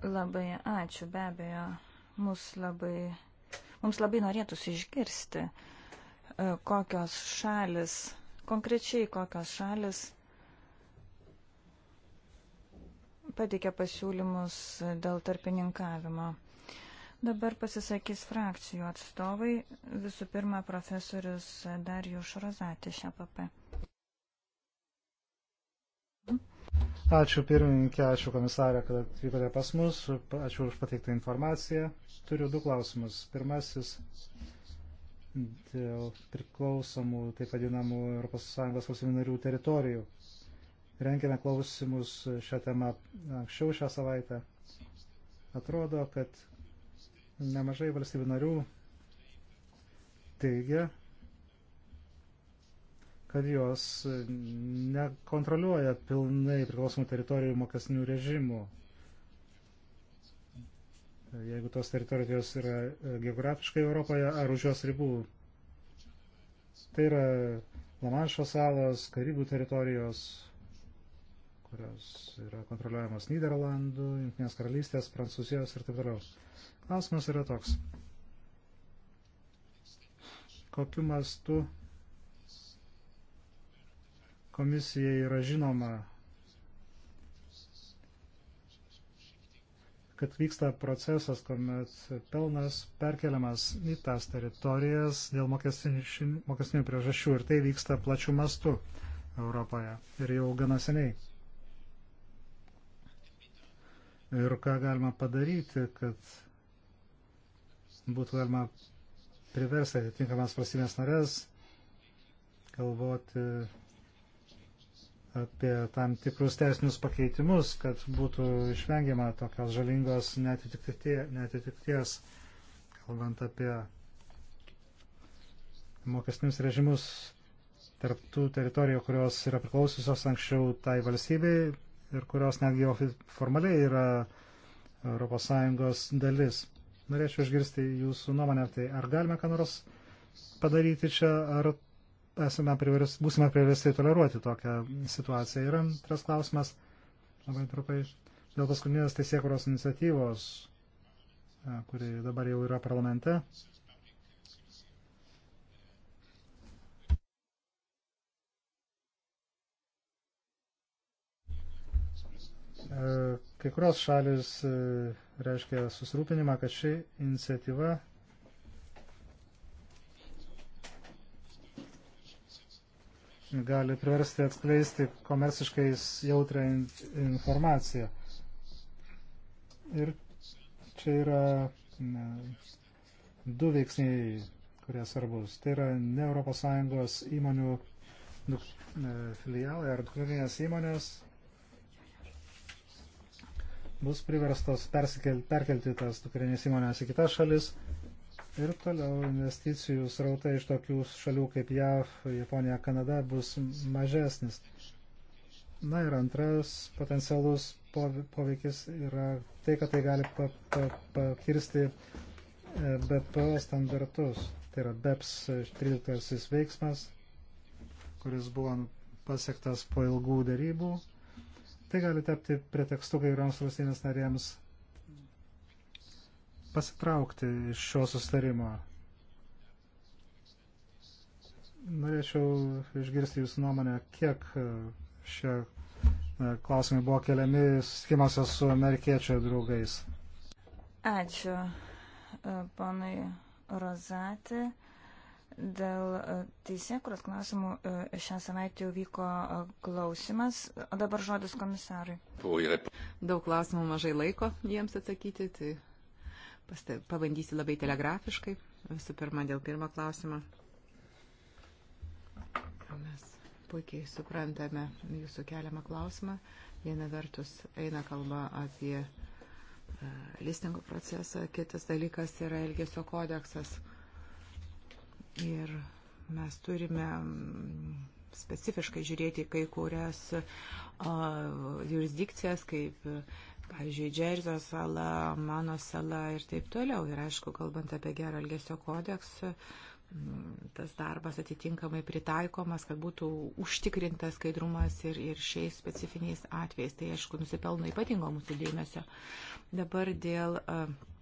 C: Labai ačiū, be abejo. Mums labai, mums labai norėtųsi išgirsti, e, kokios šalis, konkrečiai kokios šalis pateikė pasiūlymus dėl tarpininkavimo. Dabar pasisakys frakcijų atstovai, visų pirma profesorius Darijus Rozatė šią papę.
B: Ačiū pirmininkė, ačiū komisarė, kad atvykote pas mus, ačiū už pateiktą informaciją. Turiu du klausimus. Pirmasis dėl priklausomų, taip vadinamų, ES valstybių narių teritorijų. Renkėme klausimus šią temą anksčiau šią savaitę. Atrodo, kad nemažai valstybių narių teigia, kad jos nekontroliuoja pilnai priklausomų teritorijų mokesnių režimų. Jeigu tos teritorijos yra e, geografiškai Europoje ar už jos ribų. Tai yra Lamanšo salos, Karibų teritorijos, kurios yra kontroliuojamos Niderlandų, Junktinės karalystės, Prancūzijos ir taip toliau. Klausimas yra toks. Kokiu mastu komisijai yra žinoma, kad vyksta procesas, kuomet pelnas perkeliamas į tas teritorijas dėl mokestinių priežasčių ir tai vyksta plačių mastų Europoje ir jau gana seniai. Ir ką galima padaryti, kad būtų galima priversti atitinkamas valstybės narės galvoti apie tam tikrus teisinius pakeitimus, kad būtų išvengiama tokios žalingos netitikties, kalbant apie mokesnius režimus tarp tų teritorijų, kurios yra priklausiusios anksčiau tai valstybei ir kurios netgi formaliai yra ES dalis. Norėčiau išgirsti jūsų nuomonę, tai ar galime ką nors padaryti čia, ar esame privers, būsime priversti toleruoti tokią situaciją. Ir antras klausimas, labai trupai, dėl paskutinės teisėkuros iniciatyvos, e, kuri dabar jau yra parlamente. E, kai kurios šalis e, reiškia susirūpinimą, kad ši iniciatyva gali priversti atskleisti komerciškai jautrę informaciją. Ir čia yra ne, du veiksniai, kurie svarbus. Tai yra ne ES įmonių duk, ne, filialai ar dukterinės įmonės bus priverstos perkelti tas dukterinės įmonės į kitas šalis Ir toliau investicijų srautai iš tokių šalių kaip JAV, Japonija, Kanada bus mažesnis. Na ir antras potencialus poveikis yra tai, kad tai gali pa, pa, pakirsti e, BPO standartus. Tai yra BEPS 13 veiksmas, kuris buvo pasiektas po ilgų darybų. Tai gali tapti pretekstu kai kurioms valstybės narėms pasitraukti iš šio sustarimo. Norėčiau išgirsti Jūsų nuomonę, kiek e, šie e, klausimai buvo keliami susitikimuose su amerikiečių draugais.
C: Ačiū, e, panai Rozatė. Dėl teisėkuros klausimų šią savaitę
A: jau vyko klausimas, o dabar žodis komisarui. Daug klausimų, mažai laiko jiems atsakyti, tai Pabandysiu labai telegrafiškai. Visų pirma, dėl pirmo klausimo. Mes puikiai suprantame jūsų keliamą klausimą. Viena vertus eina kalba apie e, listingo procesą, kitas dalykas yra elgesio kodeksas. Ir mes turime mm, specifiškai žiūrėti kai kurias jurisdikcijas, kaip uh, pavyzdžiui, Džerzio sala, mano sala ir taip toliau. Ir aišku, kalbant apie gerą elgesio kodeksą, mm, tas darbas atitinkamai pritaikomas, kad būtų užtikrintas skaidrumas ir, ir šiais specifiniais atvejais. Tai aišku, nusipelno ypatingo mūsų dėmesio. Dabar dėl uh,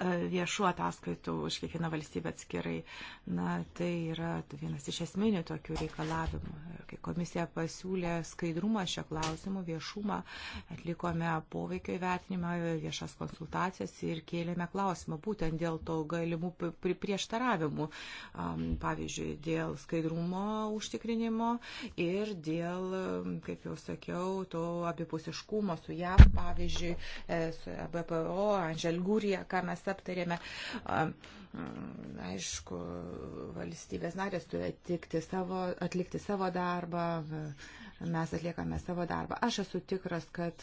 A: E, viešų ataskaitų už kiekvieną valstybę atskirai. Na, tai yra vienas iš esminių tokių reikalavimų. Kai komisija pasiūlė skaidrumą šio klausimu, viešumą, atlikome poveikio įvertinimą, viešas konsultacijas ir kėlėme klausimą būtent dėl to galimų prieštaravimų, pavyzdžiui, dėl skaidrumo užtikrinimo ir dėl, kaip jau sakiau, to abipusiškumo su JAV, pavyzdžiui, e, su e BPO, Anželgūrija, ką mes mes aptarėme. Aišku, valstybės narės turi atlikti savo, atlikti savo darbą, mes atliekame savo darbą. Aš esu tikras, kad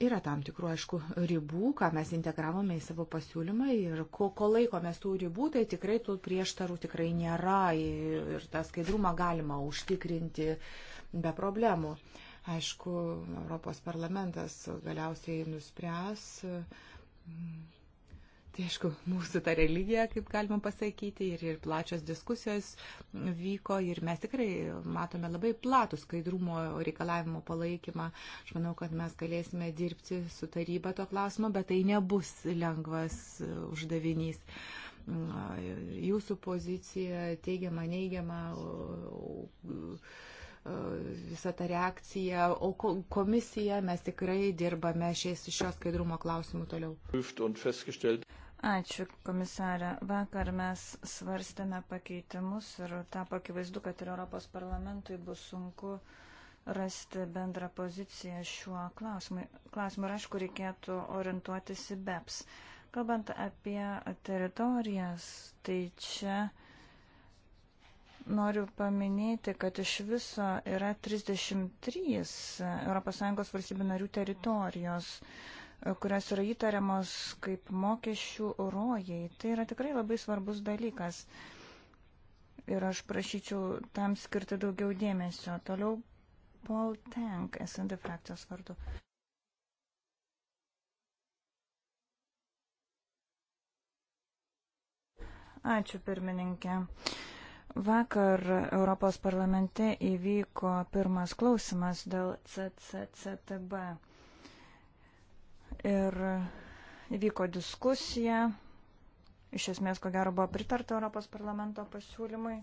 A: yra tam tikrų, aišku, ribų, ką mes integravome į savo pasiūlymą ir ko, ko laikomės tų ribų, tai tikrai tų prieštarų tikrai nėra ir tą skaidrumą galima užtikrinti be problemų. Aišku, Europos parlamentas galiausiai nuspręs. Uh, Tai aišku, mūsų ta religija, kaip galima pasakyti, ir, ir plačios diskusijos vyko ir mes tikrai matome labai platų skaidrumo reikalavimo palaikymą. Aš manau, kad mes galėsime dirbti su taryba to klausimo, bet tai nebus lengvas uždavinys. Jūsų pozicija teigiama, neigiama. O, o, E, visą tą reakciją, o komisija mes tikrai dirbame šiais šios skaidrumo klausimų
C: toliau. Ačiū, komisarė. Vakar mes svarstėme pakeitimus ir tapo akivaizdu, kad ir Europos parlamentui bus sunku rasti bendrą poziciją šiuo klausimu. Klausimu ir aišku, reikėtų orientuotis į BEPS. Kalbant apie teritorijas, tai čia uh, Noriu paminėti, kad iš viso yra 33 ES valstybių narių teritorijos, kurios yra įtariamos kaip mokesčių rojai. Tai yra tikrai labai svarbus dalykas. Ir aš prašyčiau tam skirti daugiau dėmesio. Toliau Paul Tank, SND frakcijos vardu. Ačiū pirmininkė. Uh, Vakar Europos parlamente įvyko pirmas klausimas dėl CCCTB. Ir įvyko diskusija. Iš esmės, ko gero, buvo pritarta Europos parlamento pasiūlymui.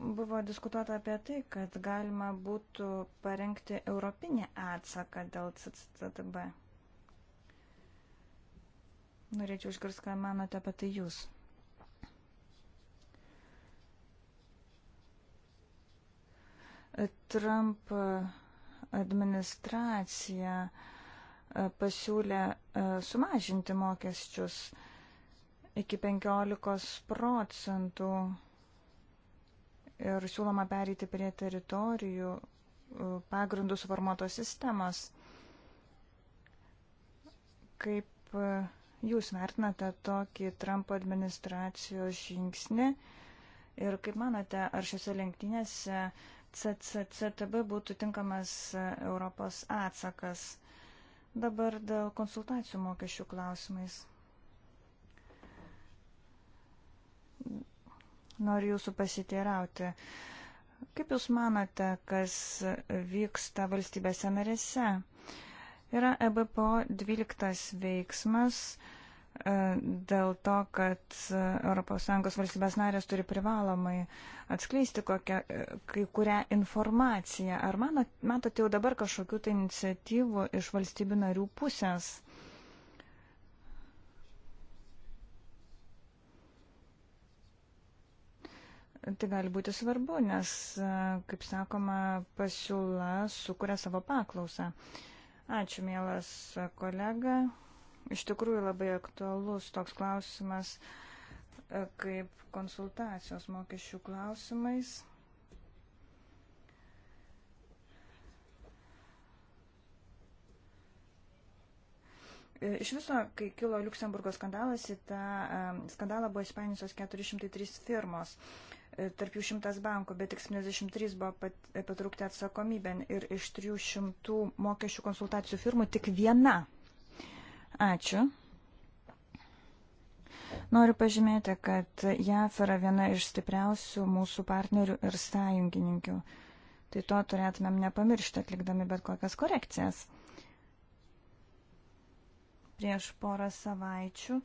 C: Buvo diskutuota apie tai, kad galima būtų parengti europinį atsaką dėl CCCTB. Norėčiau išgirsti, ką manote apie tai jūs. Trump administracija e, pasiūlė e, sumažinti mokesčius iki 15 procentų ir siūloma pereiti prie teritorijų e, pagrindų suformuotos sistemos. Kaip jūs vertinate tokį Trumpo administracijos žingsnį ir kaip manote, ar šiuose lenktynėse uh, CCCTB būtų tinkamas e, Europos atsakas. Dabar dėl konsultacijų mokesčių klausimais. Noriu jūsų pasiteirauti. Kaip jūs manote, kas vyksta valstybėse narėse? Yra EBPO 12 veiksmas E, dėl to, kad ES valstybės narės turi privalomai atskleisti kokią, e, kai kurią informaciją. Ar mano, matote jau dabar kažkokių tai iniciatyvų iš valstybių narių pusės? Tai gali būti svarbu, nes, e, kaip sakoma, pasiūla sukuria savo paklausą. Ačiū, mielas kolega. Iš tikrųjų labai aktualus toks klausimas e, kaip konsultacijos mokesčių klausimais. E, iš viso, kai kilo Luxemburgo skandalas, į tą e, skandalą buvo įspainiusios 403 firmos, tarp jų 100 bankų, bet tik 73 buvo pat, patraukti atsakomybėn ir iš 300 mokesčių konsultacijų firmų tik viena Ačiū. Noriu pažymėti, kad JAF yra viena iš stipriausių mūsų partnerių ir sąjungininkių. Tai to turėtumėm nepamiršti, atlikdami bet kokias korekcijas. Prieš porą savaičių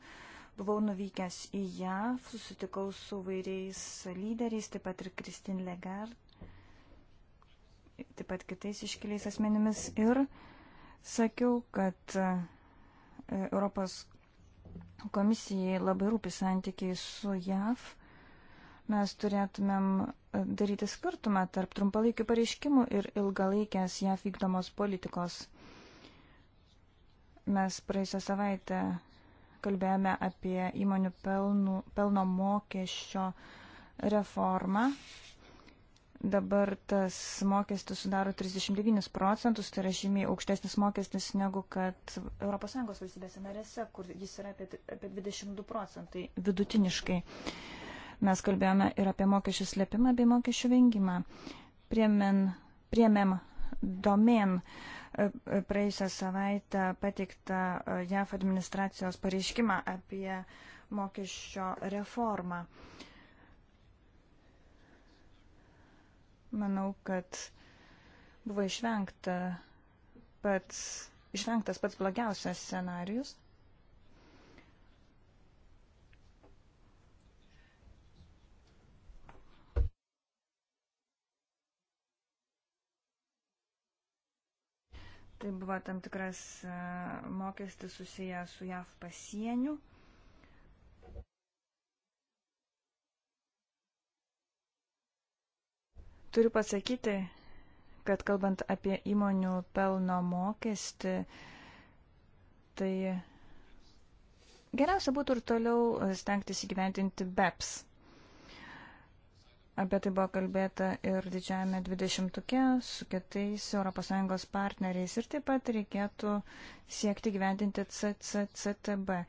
C: buvau nuvykęs į JAF, susitikau su vairiais lyderiais, taip pat ir Kristin Legard, taip pat kitais iškiliais asmenimis ir sakiau, kad E, Europos komisijai labai rūpi santykiai su JAV, mes turėtumėm e, daryti skirtumą tarp trumpalaikių pareiškimų ir ilgalaikės JAV vykdomos politikos. Mes praeisą savaitę kalbėjome apie įmonių pelnų, pelno mokesčio reformą Dabar tas mokestis sudaro 39 procentus, tai yra žymiai aukštesnis mokestis negu kad ES valstybėse narėse, kur jis yra apie, apie 22 procentai vidutiniškai. Mes kalbėjome ir apie mokesčių slėpimą bei mokesčių vengimą. Priemen, priemėm domen e, e, praėjusią savaitę pateiktą e, JAF administracijos pareiškimą apie mokesčio reformą. Uh, Manau, kad buvo išvengta pats, išvengtas pats blogiausias scenarius. Tai buvo tam tikras e, mokestis susijęs su JAV pasieniu. Turiu pasakyti, kad kalbant apie įmonių pelno mokestį, tai geriausia būtų ir toliau stengtis įgyventinti BEPS. Apie tai buvo kalbėta ir didžiajame 20-uke su kitais ES partneriais ir taip pat reikėtų siekti gyventinti CCCTB.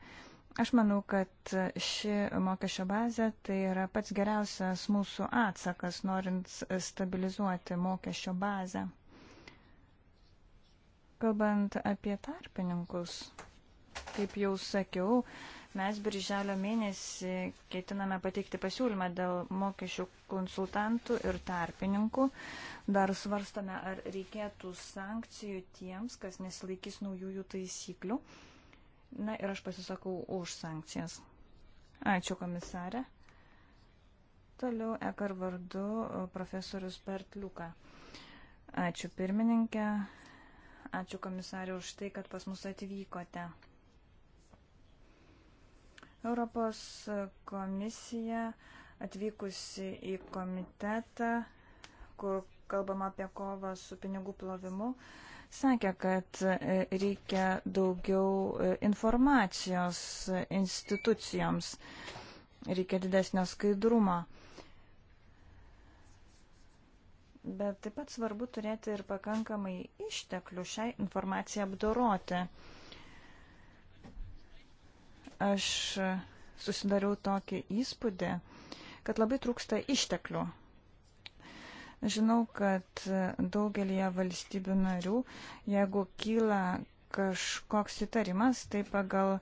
C: Aš manau, kad ši mokesčio bazė tai yra pats geriausias mūsų atsakas, norint stabilizuoti mokesčio bazę. Kalbant apie tarpininkus, kaip jau sakiau, mes birželio mėnesį ketiname pateikti pasiūlymą dėl mokesčių konsultantų ir tarpininkų. Dar svarstame, ar reikėtų sankcijų tiems, kas nesilaikys naujųjų taisyklių. Uh, Na ir aš pasisakau už sankcijas. Ačiū komisarė. Toliau ekar vardu e, profesorius Pertliuka. Ačiū pirmininkė. Ačiū komisarė už tai, kad pas mus atvykote. Europos komisija atvykusi į komitetą, kur kalbama apie kovą su pinigų plovimu, uh, sakė, kad e, reikia daugiau e, informacijos institucijoms, reikia didesnio skaidrumo. Bet taip pat svarbu turėti ir pakankamai išteklių šiai informacijai apdoroti. Aš susidariau tokį įspūdį, kad labai trūksta išteklių Žinau, kad daugelie valstybių narių, jeigu kyla kažkoks įtarimas, tai pagal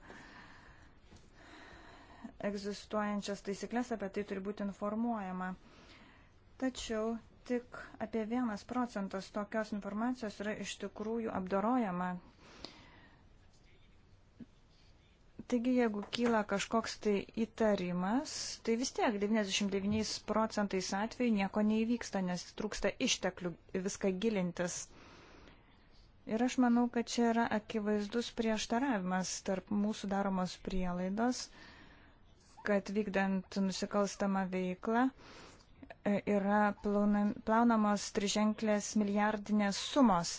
C: egzistuojančias taisyklės apie tai turi būti informuojama. Tačiau tik apie vienas procentas tokios informacijos yra iš tikrųjų apdorojama, Taigi, jeigu kyla kažkoks tai įtarimas, tai vis tiek 99 procentais atveju nieko neįvyksta, nes trūksta išteklių viską gilintis. Ir aš manau, kad čia yra akivaizdus prieštaravimas tarp mūsų daromos prielaidos, kad vykdant nusikalstamą veiklą e, yra plaunamos triženklės milijardinės sumos.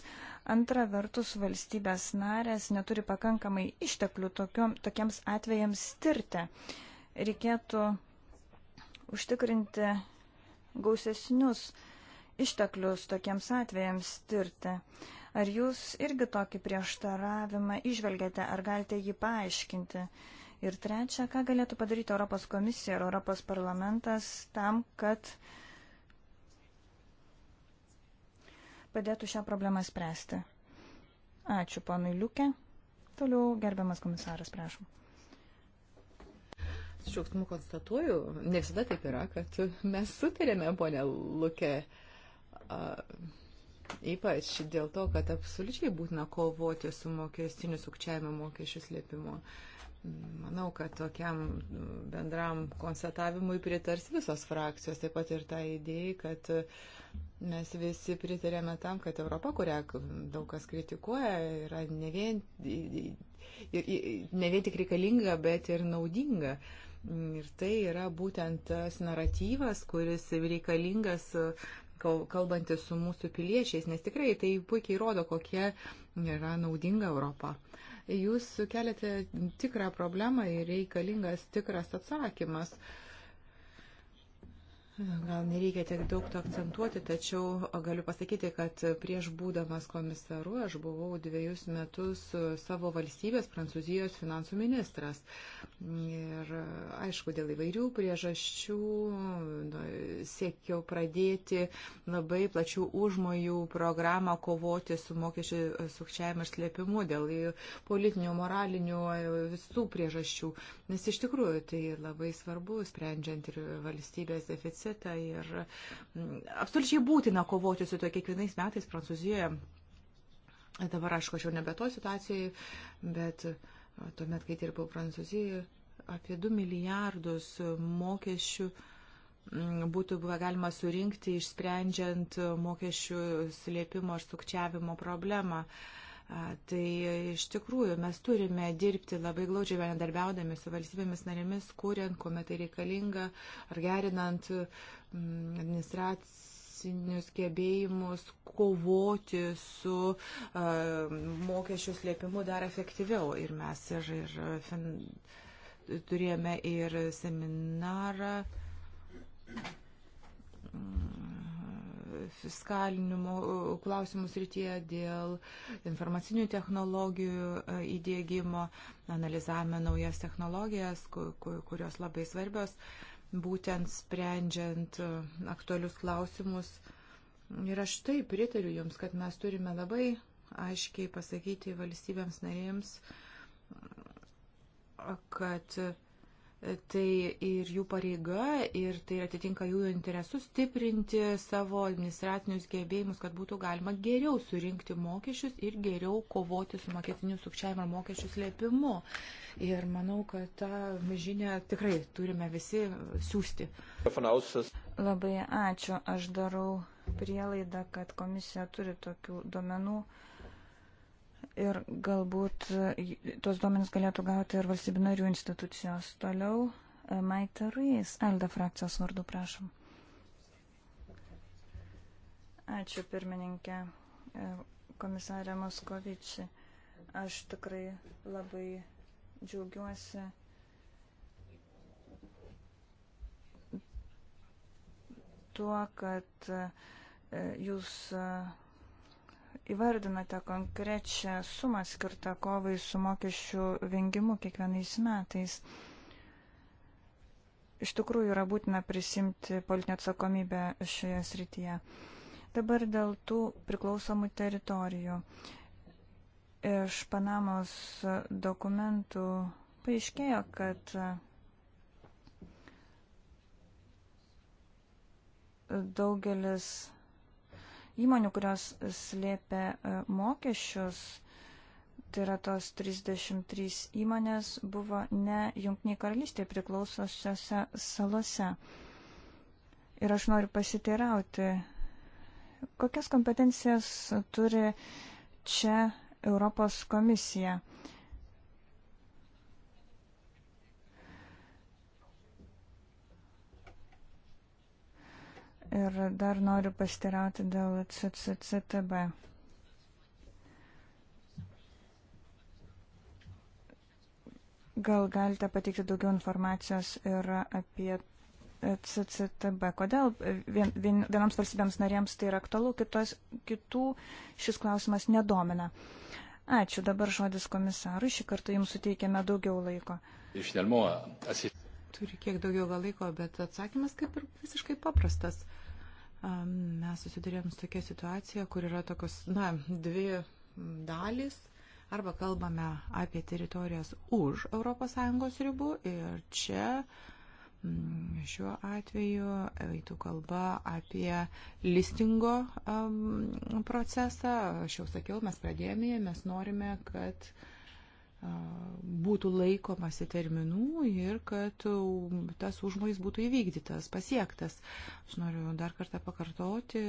C: Antra vertus, valstybės narės neturi pakankamai išteklių tokiom, tokiems atvejams tirti. Reikėtų užtikrinti gausesnius išteklius tokiems atvejams tirti. Ar jūs irgi tokį prieštaravimą išvelgiate, ar galite jį paaiškinti? Ir trečia, ką galėtų padaryti Europos komisija ir Europos parlamentas tam, kad uh, padėtų šią problemą spręsti. Ačiū ponui Liukė. Toliau gerbiamas komisaras, prašom.
A: Šiauksmu konstatuoju, ne visada taip yra, kad mes sutarėme, ponė Lukė, a, ypač dėl to, kad absoliučiai būtina kovoti su mokestiniu sukčiavimu mokesčių slėpimu. A, Manau, kad tokiam bendram konstatavimui pritars visos frakcijos, taip pat ir tą idėją, kad mes visi pritarėme tam, kad Europa, kurią daug kas kritikuoja, yra ne vien, ir, ne vien tik reikalinga, bet ir naudinga. Ir tai yra būtent tas naratyvas, kuris reikalingas kalbantis su mūsų piliečiais, nes tikrai tai puikiai rodo, kokia yra naudinga Europa. Uh, Jūs keliate tikrą problemą ir reikalingas tikras atsakymas. Uh, Gal nereikia tiek daug to akcentuoti, tačiau galiu pasakyti, kad prieš būdamas komisaru aš buvau dviejus metus savo valstybės Prancūzijos finansų ministras. Ir aišku, dėl įvairių priežasčių nu, siekiau pradėti labai plačių užmojų programą kovoti su mokesčių sukčiavimu ir slėpimu dėl politinių, moralinių visų priežasčių. Nes iš tikrųjų tai labai svarbu, sprendžiant ir valstybės deficitą deficitą ir mm, absoliučiai būtina kovoti su to kiekvienais metais Prancūzijoje. Dabar, aišku, aš jau nebe to situacijai, bet tuomet, kai dirbau Prancūzijoje, apie 2 milijardus mokesčių mm, būtų buvę galima surinkti, išsprendžiant mokesčių slėpimo ar sukčiavimo problemą. Uh, Tai iš tikrųjų mes turime dirbti labai glaudžiai bendarbiaudami su valstybėmis narėmis, kuriant, kuomet tai reikalinga, ar gerinant mm, administraciją finansinius gebėjimus kovoti su uh, mokesčių slėpimu dar efektyviau. Ir mes ir, ir fin, turėjome ir seminarą mm, fiskalinių e, klausimų srityje, dėl informacinių technologijų e, įdėgymo, analizavome naujas technologijas, kurios labai svarbios, būtent sprendžiant e, aktualius klausimus. Ir aš tai pritariu Jums, kad mes turime labai aiškiai pasakyti valstybėms narėms, kad uh, tai ir jų pareiga, ir tai atitinka jų interesus stiprinti savo administracinius gebėjimus, kad būtų galima geriau surinkti mokesčius ir geriau kovoti su mokestiniu sukčiavimu ar mokesčių slėpimu. Ir manau, kad tą žinią tikrai turime visi siūsti.
C: Labai ačiū. Aš darau prielaidą, kad komisija turi tokių duomenų ir galbūt e, tuos duomenis galėtų gauti ir valstybių narių institucijos. Toliau e, Maita Ruiz, Alda frakcijos vardu, prašom. Ačiū pirmininkė e, komisarė Moskovičiai. Aš tikrai labai džiaugiuosi tuo, kad jūs įvardinate konkrečią sumą skirtą kovai su mokesčių vengimu kiekvienais metais. Iš tikrųjų yra būtina prisimti politinę atsakomybę šioje srityje. Dabar dėl tų priklausomų teritorijų. Iš Panamos dokumentų paaiškėjo, kad daugelis įmonių, kurios slėpė e, mokesčius, tai yra tos 33 įmonės, buvo ne Junktiniai karalystėje priklausosiuose salose. Ir aš noriu pasiteirauti, kokias kompetencijas turi čia Europos komisija. Uh, Ir dar noriu pastirauti dėl CCCTB. Gal galite pateikti daugiau informacijos ir apie CCTB. Kodėl vien, vien, vienams valstybėms narėms tai yra aktualu, kitos, kitų šis klausimas nedomina. Ačiū, dabar žodis komisarui, šį kartą jums suteikėme daugiau laiko. Finalement, assez
A: turi kiek daugiau gal laiko, bet atsakymas kaip ir visiškai paprastas. Mes susidurėm su tokia situacija, kur yra tokios, na, dvi dalys. Arba kalbame apie teritorijas už ES ribų ir čia mm, šiuo atveju eitų kalba apie listingo um, procesą. Aš jau sakiau, mes pradėjome, mes norime, kad uh, būtų laikomasi terminų ir kad tas užmojas būtų įvykdytas, pasiektas. Aš noriu dar kartą pakartoti,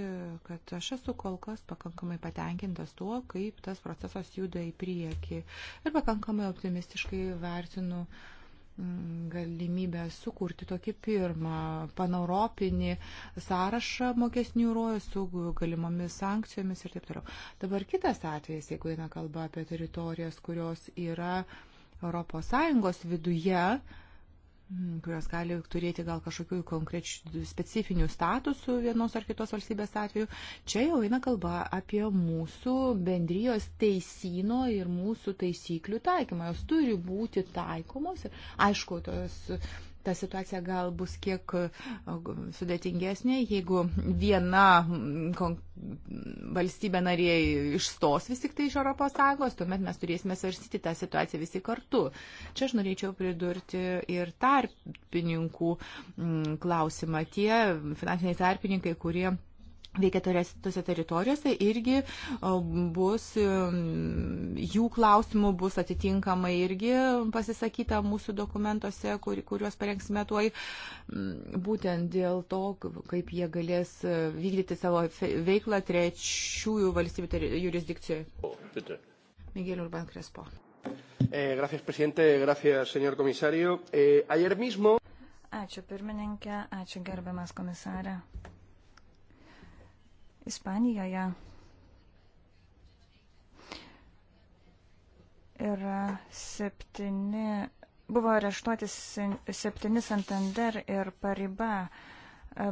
A: kad aš esu kol kas pakankamai patenkintas tuo, kaip tas procesas juda į priekį ir pakankamai optimistiškai vertinu uh, galimybę sukurti tokį pirmą paneuropinį sąrašą mokesnių rojų su galimomis sankcijomis ir taip toliau. Dabar kitas atvejis, jeigu eina kalba apie teritorijas, kurios yra ES viduje, kurios gali turėti gal kažkokių konkrečių specifinių statusų vienos ar kitos valstybės atveju. Čia jau eina kalba apie mūsų bendrijos teisino ir mūsų taisyklių taikymą. Jos turi būti taikomos. Aišku, tos ta situacija gal bus kiek e, sudėtingesnė, jeigu viena valstybė narė išstos vis tik tai iš ES, tuomet mes turėsime svarstyti tą situaciją visi kartu. Čia aš norėčiau pridurti ir tarpininkų klausimą. Tie finansiniai tarpininkai, kurie veikia tose teritorijose, irgi bus jų klausimų, bus atitinkamai irgi pasisakyta mūsų dokumentuose, kur, kuriuos parengsime tuoj, būtent dėl to, kaip jie galės e, vykdyti savo veiklą trečiųjų valstybių jurisdikcijoje. Oh, Miguel Urban Crespo.
C: Eh, gracias, presidente. Gracias, señor comisario. Eh, ayer mismo. Ačiū pirmininkė, ačiū gerbiamas komisarė. Ispanijoje yra septyni, buvo areštuoti septyni Santander ir Pariba e,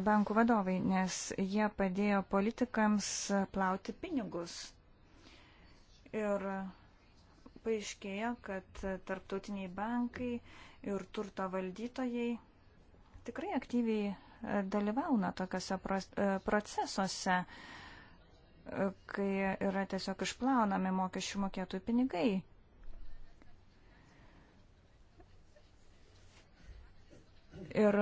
C: bankų vadovai, nes jie padėjo politikams plauti pinigus. Ir paaiškėjo, kad tarptautiniai bankai ir turto valdytojai tikrai aktyviai dalyvauna tokiuose e, procesuose, e, kai yra tiesiog išplaunami mokesčių mokėtojų pinigai. Ir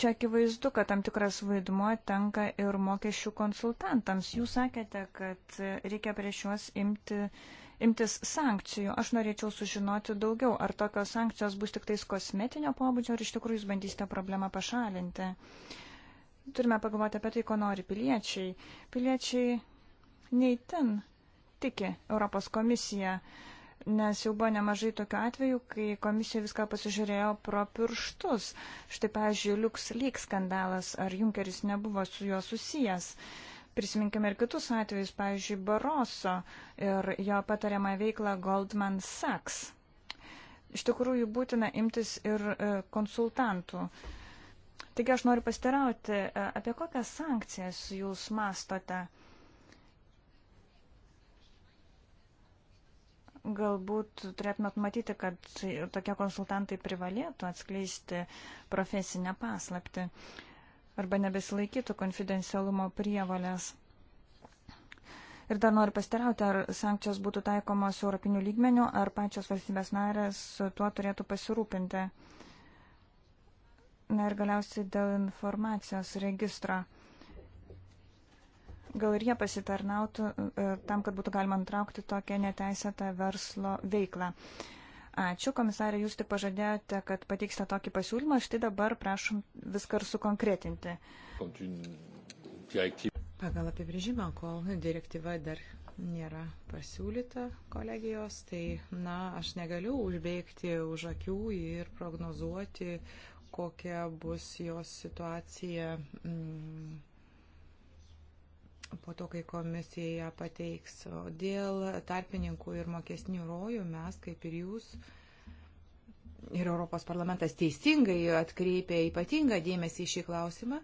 C: čia akivaizdu, kad tam tikras vaidmuo tenka ir mokesčių konsultantams. Jūs sakėte, kad reikia prieš juos imti uh, imtis sankcijų. Aš norėčiau sužinoti daugiau, ar tokios sankcijos bus tik tais kosmetinio pobūdžio, ar iš tikrųjų jūs bandysite problemą pašalinti. Turime pagalvoti apie tai, ko nori piliečiai. Piliečiai neįtin tiki Europos komisiją, nes jau buvo nemažai tokių atvejų, kai komisija viską pasižiūrėjo pro pirštus. Štai, pavyzdžiui, LuxLeaks skandalas, ar Junkeris nebuvo su juo susijęs. Uh, Prisiminkime ir kitus atvejus, pavyzdžiui, Baroso ir jo patariamą veiklą Goldman Sachs. Iš tikrųjų, būtina imtis ir e, konsultantų. Taigi aš noriu pastarauti, e, apie kokias sankcijas jūs mastote. galbūt turėtumėt matyti, kad tokie konsultantai privalėtų atskleisti profesinę paslapti arba nebesilaikytų konfidencialumo prievalės. Ir dar noriu pastirauti, ar sankcijos būtų taikomos europinių lygmenių, ar pačios valstybės narės tuo turėtų pasirūpinti. Na ir galiausiai dėl informacijos registro. Gal ir jie pasitarnautų e, tam, kad būtų galima antraukti tokią neteisėtą verslo veiklą. Uh, Ačiū, komisarė, jūs tik pažadėjote, kad pateiksite tokį pasiūlymą, štai dabar prašom viską ir sukonkretinti.
A: Pagal apibrėžimą, kol direktyva dar nėra pasiūlyta kolegijos, tai, na, aš negaliu užbėgti už akių ir prognozuoti, kokia bus jos situacija. Mm, po to, kai komisija pateiks. Dėl tarpininkų ir mokesnių rojų mes, kaip ir jūs, ir Europos parlamentas teisingai atkreipė ypatingą dėmesį į šį klausimą,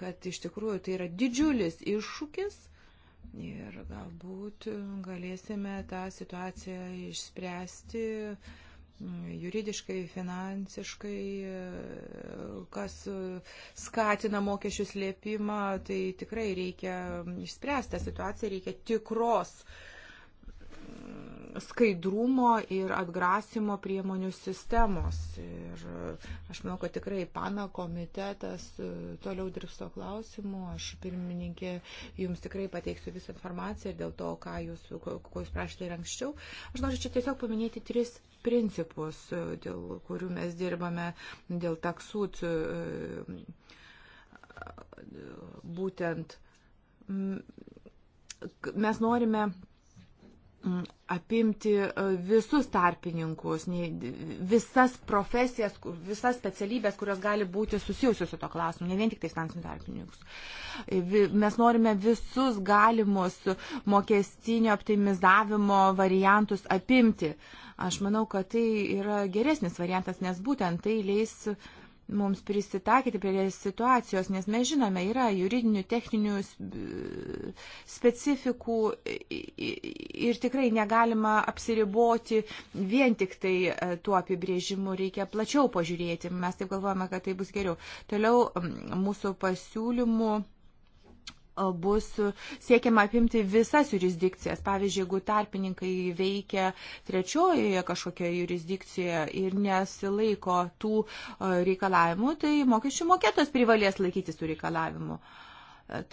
A: kad iš tikrųjų tai yra didžiulis iššūkis ir galbūt galėsime tą situaciją išspręsti juridiškai, finansiškai, kas skatina mokesčių slėpimą, tai tikrai reikia išspręsti tą situaciją, reikia tikros skaidrumo ir atgrasimo priemonių sistemos. Ir aš manau, kad tikrai pana komitetas toliau dirbs to klausimu. Aš pirmininkė, jums tikrai pateiksiu visą informaciją dėl to, ką jūs, ko jūs prašėte ir anksčiau. Aš noriu čia tiesiog paminėti tris principus, e, dėl kurių mes dirbame, dėl taksut e, būtent. Mes norime apimti e, visus tarpininkus, visas profesijas, visas specialybės, kurios gali būti susijusios su to klausimu, ne vien tik tai finansinių tarpininkus. E, mes norime visus galimus mokestinio optimizavimo variantus apimti. Aš manau, kad tai yra geresnis variantas, nes būtent tai leis uh, mums prisitaikyti prie situacijos, nes mes žinome, yra juridinių, techninių specifikų ir tikrai negalima apsiriboti vien tik tai e, tuo apibrėžimu, reikia plačiau pažiūrėti. Mes taip galvojame, kad tai bus geriau. Toliau mūsų pasiūlymų bus siekiama apimti visas jurisdikcijas. Pavyzdžiui, jeigu tarpininkai veikia trečiojoje kažkokioje jurisdikcijoje ir nesilaiko tų reikalavimų, tai mokesčių mokėtos privalės laikytis tų reikalavimų.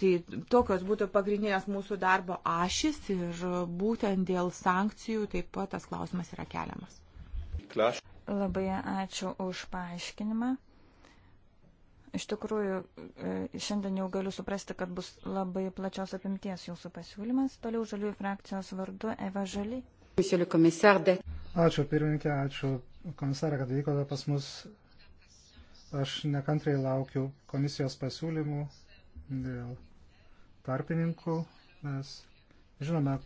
A: Tai tokios būtų pagrindinės mūsų darbo ašis ir būtent dėl sankcijų taip pat tas klausimas yra keliamas. Klaš. Labai ačiū
C: už paaiškinimą. Iš tikrųjų, e, šiandien jau galiu suprasti, kad bus labai plačios apimties jūsų pasiūlymas. Toliau žaliųjų frakcijos vardu Eva Žali.
B: Ačiū pirmininkė, ačiū komisarė, kad vykote pas mus. Aš nekantrai laukiu komisijos pasiūlymų dėl tarpininkų. Mes žinome,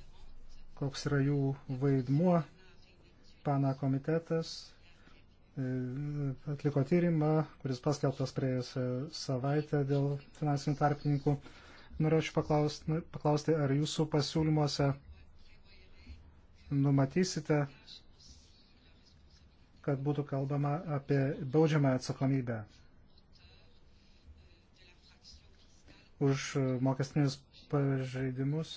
B: koks yra jų vaidmuo. Pana komitetas atliko tyrimą, kuris paskelbtas praėjusią savaitę dėl finansinių tarpininkų. Norėčiau paklausti, nu, paklausti, ar jūsų pasiūlymuose numatysite, kad būtų kalbama apie baudžiamą atsakomybę už mokestinius pažeidimus.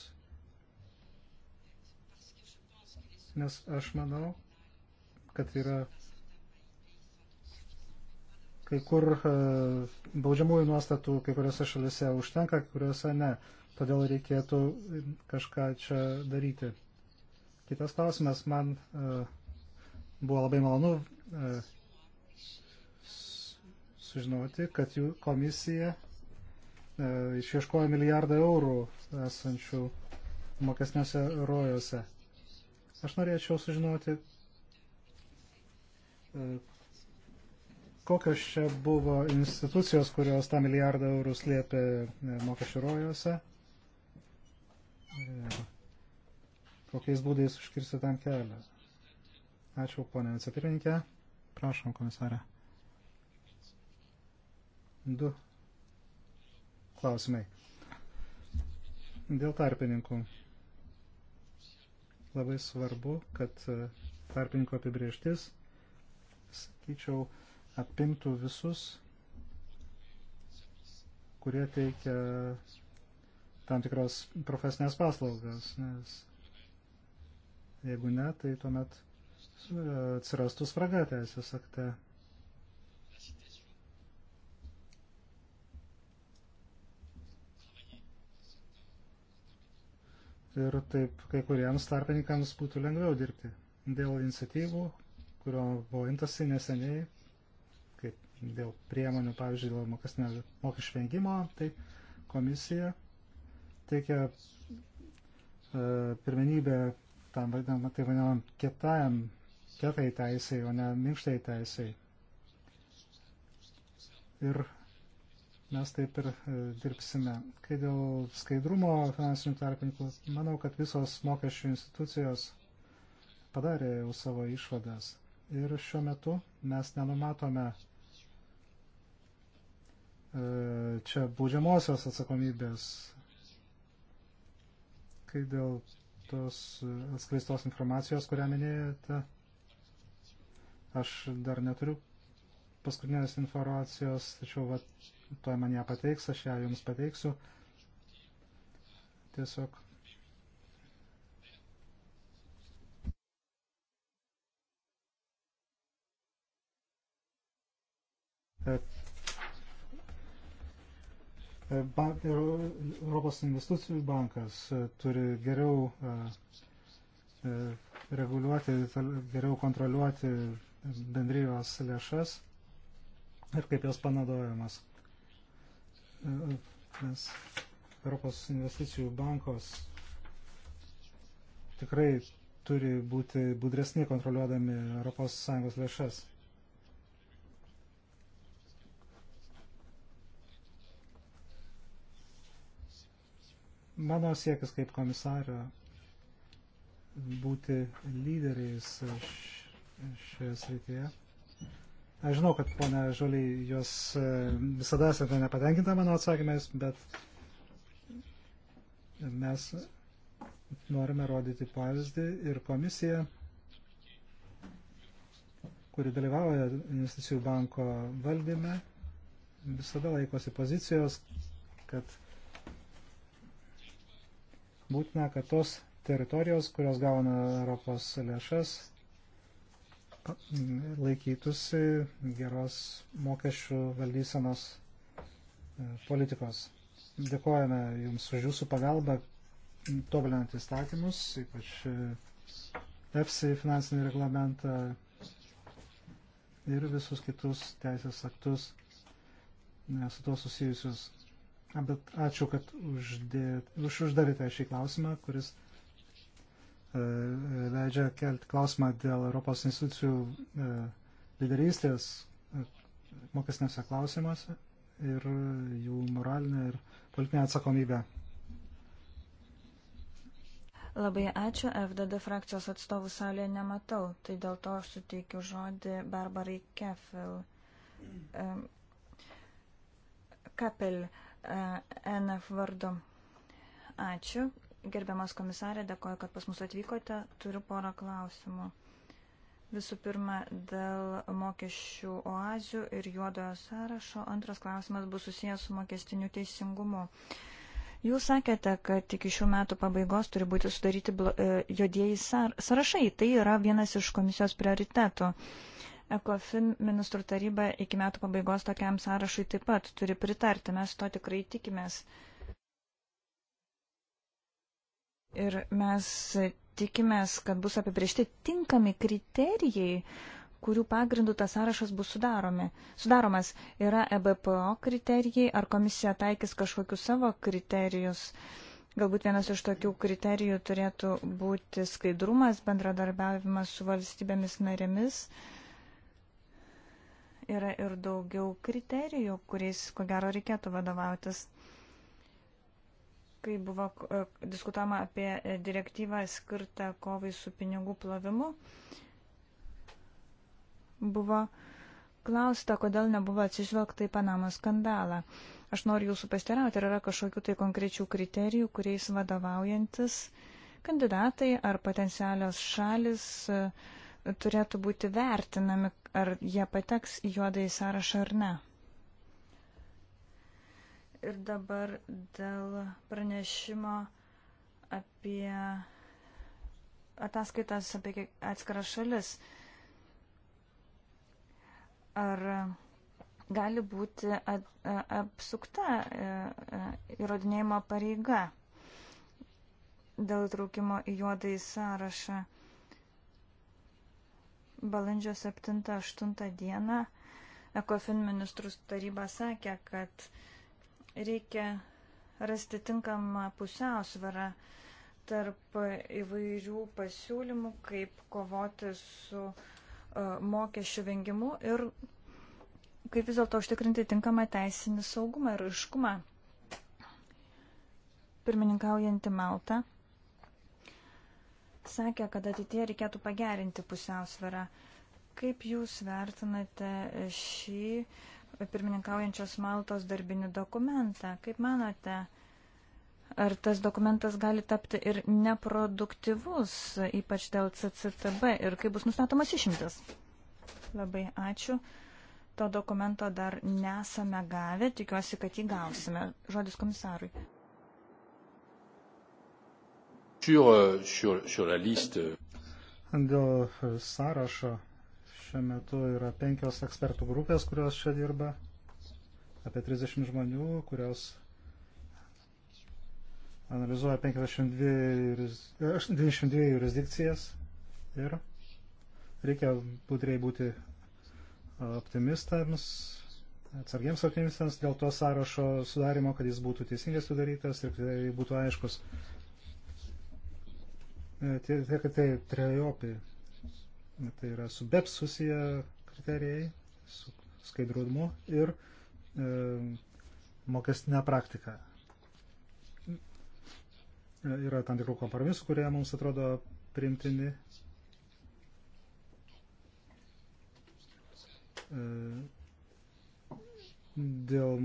B: Nes aš manau, kad yra Kai kur e, baudžiamųjų nuostatų kai kuriuose šalise užtenka, kai kuriuose ne. Todėl reikėtų kažką čia daryti. Kitas klausimas, man e, buvo labai malonu e, sužinoti, kad jų komisija išieškojo milijardą eurų esančių mokesniuose rojose. Aš norėčiau sužinoti, kokios čia buvo institucijos, kurios tą milijardą eurų slėpė e, mokesčių rojuose? E, kokiais būdais užkirsti tam kelią? Ačiū, ponė vicepirinkė. Prašom, komisarė. Du klausimai. Dėl tarpininkų. Labai svarbu, kad e, tarpininko apibrieštis, sakyčiau, apimtų visus, kurie teikia tam tikras profesinės paslaugas, nes jeigu ne, tai tuomet e, atsirastų spraga teisės akte. ir taip kai kuriems tarpininkams būtų lengviau dirbti. Dėl iniciatyvų, kurio buvo imtasi neseniai, dėl priemonių, pavyzdžiui, dėl mokestinio mokesčių vengimo, tai komisija teikia e, pirmenybę tam vadinam, tai vadinam kietajam, kietai teisai, o ne minkštai teisai. Ir mes taip ir e, dirbsime. Kai dėl skaidrumo finansinių tarpininkų, manau, kad visos mokesčių institucijos padarė jau savo išvadas. Ir šiuo metu mes nenumatome E, čia baudžiamosios atsakomybės, kai dėl tos atskleistos informacijos, kurią minėjote, aš dar neturiu paskutinės informacijos, tačiau va, to man ją pateiks, aš ją jums pateiksiu. Tiesiog e, Bank, Europos investicijų bankas e, turi geriau e, e, reguliuoti, geriau kontroliuoti bendrijos lėšas ir kaip jos panaudojamas. Nes Europos investicijų bankos tikrai turi būti budresni kontroliuodami ES lėšas. Mano siekis kaip komisario būti lyderiais šioje srityje. Aš žinau, kad ponia Žolį, jūs e, visada esate nepatenkinta mano atsakymais, bet mes norime rodyti pavyzdį ir komisija, kuri dalyvauja investicijų banko valdyme, visada laikosi pozicijos, kad būtina, kad tos teritorijos, kurios gauna Europos lėšas, laikytųsi geros mokesčių valdysenos e, politikos. Dėkojame Jums už Jūsų pagalbą, tobulinant įstatymus, ypač EFSI finansinį reglamentą ir visus kitus teisės aktus e, su to susijusius. Bet ačiū, kad uždėt, už uždavėte šį klausimą, kuris e, leidžia kelti klausimą dėl Europos institucijų e, lyderystės e, mokesnėse klausimuose ir jų moralinė ir politinė atsakomybė.
C: Labai ačiū, FDD frakcijos atstovų salėje nematau, tai dėl to aš suteikiu žodį Barbarai Kefil. Um, Kapel. Uh, E, e NF vardu. Ačiū. Gerbiamas komisarė, dėkoju, kad pas mus atvykote. Turiu porą klausimų. Visų pirma, dėl mokesčių oazių ir juodojo sąrašo. Antras klausimas bus susijęs su mokestiniu teisingumu. Jūs sakėte, kad iki šių metų pabaigos turi būti sudaryti e, juodieji sąrašai. Tai yra vienas iš komisijos prioritetų. ECOFIN ministrų taryba iki metų pabaigos tokiam sąrašui taip pat turi pritarti, mes to tikrai tikimės. Ir mes tikimės, kad bus apibriežti tinkami kriterijai, kurių pagrindų tas sąrašas bus sudaromi. sudaromas. Yra EBPO kriterijai, ar komisija taikys kažkokius savo kriterijus. Galbūt vienas iš tokių kriterijų turėtų būti skaidrumas, bendradarbiavimas su valstybėmis narėmis. Uh, yra ir daugiau kriterijų, kuriais, ko gero, reikėtų vadovautis. Kai buvo e, diskutama apie e, direktyvą skirtą kovai su pinigų plovimu, buvo klausta, kodėl nebuvo atsižvelgta į Panamos skandalą. Aš noriu jūsų pastirauti, ar yra kažkokių tai konkrečių kriterijų, kuriais vadovaujantis kandidatai ar potencialios šalis uh, turėtų būti vertinami, ar jie pateks į juodąjį sąrašą ar ne. Ir dabar dėl pranešimo apie ataskaitas apie atskiras šalis. Ar gali būti apsukta e- e- įrodinėjimo pareiga dėl traukimo į juodąjį sąrašą? balandžio 7-8 dieną ECOFIN ministrus taryba sakė, kad reikia rasti tinkamą pusiausvarą tarp įvairių pasiūlymų, kaip kovoti su e, mokesčių vengimu ir kaip vis dėlto užtikrinti tinkamą teisinį saugumą ir iškumą. Pirmininkaujantį Maltą sakė, kad ateitie reikėtų pagerinti pusiausvyrą. Kaip Jūs vertinate šį pirmininkaujančios Maltos darbinį dokumentą? Kaip manote, ar tas dokumentas gali tapti ir neproduktyvus, ypač dėl CCTB ir kaip bus nustatomas išimtis? Labai ačiū. To dokumento dar nesame gavę, tikiuosi, kad jį gausime. Žodis komisarui. Sur, euh, sur, sur la liste.
B: Dėl sąrašo šiuo metu yra penkios ekspertų grupės, kurios čia dirba. Apie 30 žmonių, kurios analizuoja 52, 92 jurisdikcijas ir reikia budriai būti optimistams, atsargiems optimistams dėl to sąrašo sudarimo, kad jis būtų teisingai sudarytas ir tai būtų aiškus E, tie kriterijai trejopi. E, tai yra su BEPS susiję kriterijai, su skaidrumu ir e, mokestinė praktika. E, yra tam tikrų kompromisų, kurie mums atrodo priimtini. E, dėl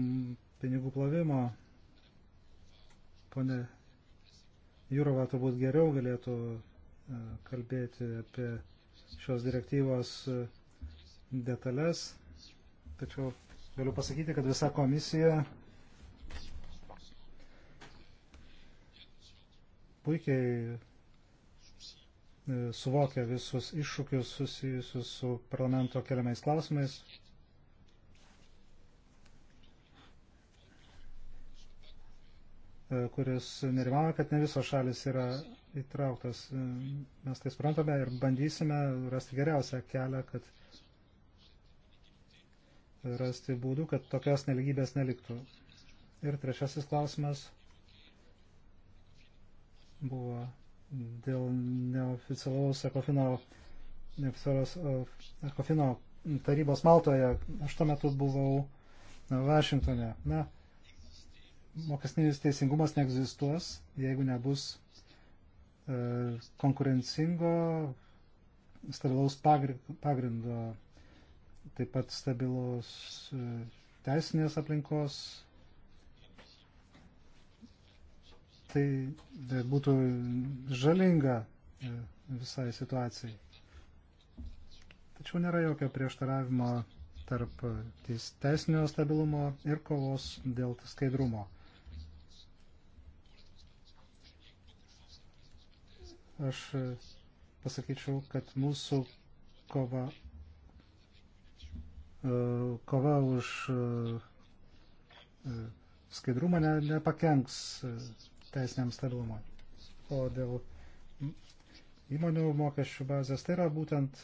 B: pinigų plovimo, ponė Jūrova turbūt geriau galėtų e, kalbėti apie šios direktyvos e, detalės, tačiau galiu pasakyti, kad visa komisija puikiai e, suvokia visus iššūkius susijusius su parlamento keliamais klausimais E, kuris nerimavo, kad ne visos šalis yra įtrauktas. E, mes tai suprantame ir bandysime rasti geriausią kelią, kad rasti būdų, kad tokios neligybės neliktų. Ir trečiasis klausimas buvo dėl neoficialaus ekofino, neoficialaus e, ekofino tarybos Maltoje. Aš tuo metu buvau Vašingtonė. Na, mokestinis teisingumas neegzistuos, jeigu nebus e, konkurencingo, stabilaus pagrindo, taip pat stabilos e, teisinės aplinkos. Tai e, būtų žalinga visai situacijai. Tačiau nėra jokio prieštaravimo tarp teisinio stabilumo ir kovos dėl skaidrumo. Aš e, pasakyčiau, kad mūsų kova, e, kova už e, skaidrumą ne, nepakenks teisiniam stabilumui. O dėl įmonių mokesčių bazės tai yra būtent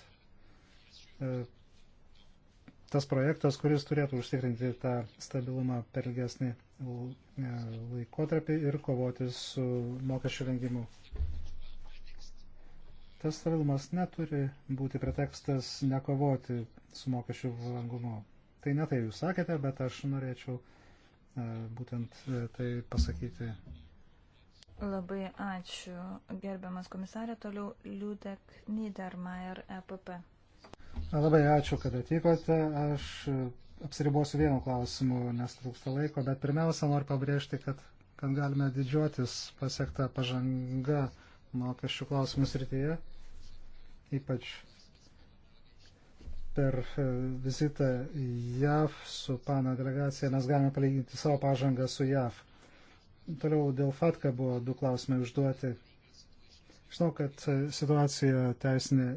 B: tas projektas, kuris turėtų užtikrinti tą stabilumą per ilgesnį laikotarpį ir kovoti su mokesčių vengimu. Tas stabilumas neturi būti pretekstas nekovoti su mokesčių vangumu. Tai ne tai jūs sakėte, bet aš norėčiau e, būtent e, tai pasakyti.
C: Labai ačiū, gerbiamas komisarė, toliau Liudek Niedermayer EPP.
B: Labai ačiū, kad atvykote. Aš e, apsiribosiu vienu klausimu, nes trūksta laiko, bet pirmiausia noriu pabrėžti, kad, kad galime didžiuotis pasiektą pažangą mokesčių klausimų srityje, ypač per e, vizitą JAV su pana delegacija mes galime palyginti savo pažangą su JAV. Toliau dėl FATKA buvo du klausimai užduoti. Žinau, kad e, situacija teisinė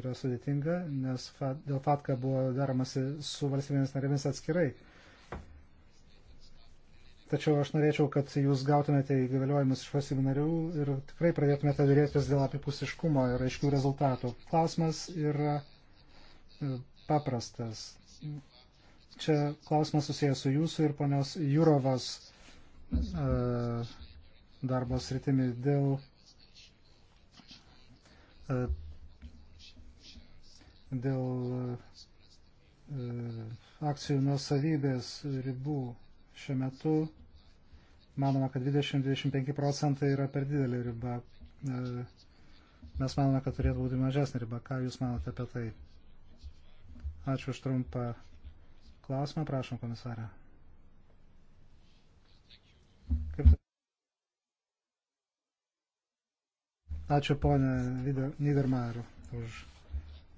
B: yra sudėtinga, nes dėl FATKA buvo daromasi su valstybėmis narėmis atskirai. Tačiau aš norėčiau, kad jūs gautumėte įgaliojimus iš valstybių narių ir tikrai pradėtumėte dėrėtis dėl apipusiškumo ir aiškių rezultatų. Klausimas yra e, paprastas. Čia klausimas susijęs su jūsų ir ponios Jūrovas e, darbo sritimi dėl e, dėl akcijų nuosavybės ribų. Šiuo metu manoma, kad 20-25 procentai yra per didelė riba. E, mes manome, kad turėtų būti mažesnė riba. Ką Jūs manote apie tai? Ačiū už trumpą klausimą. Prašom, komisarė. Kaip... Ačiū ponė Nidermajer už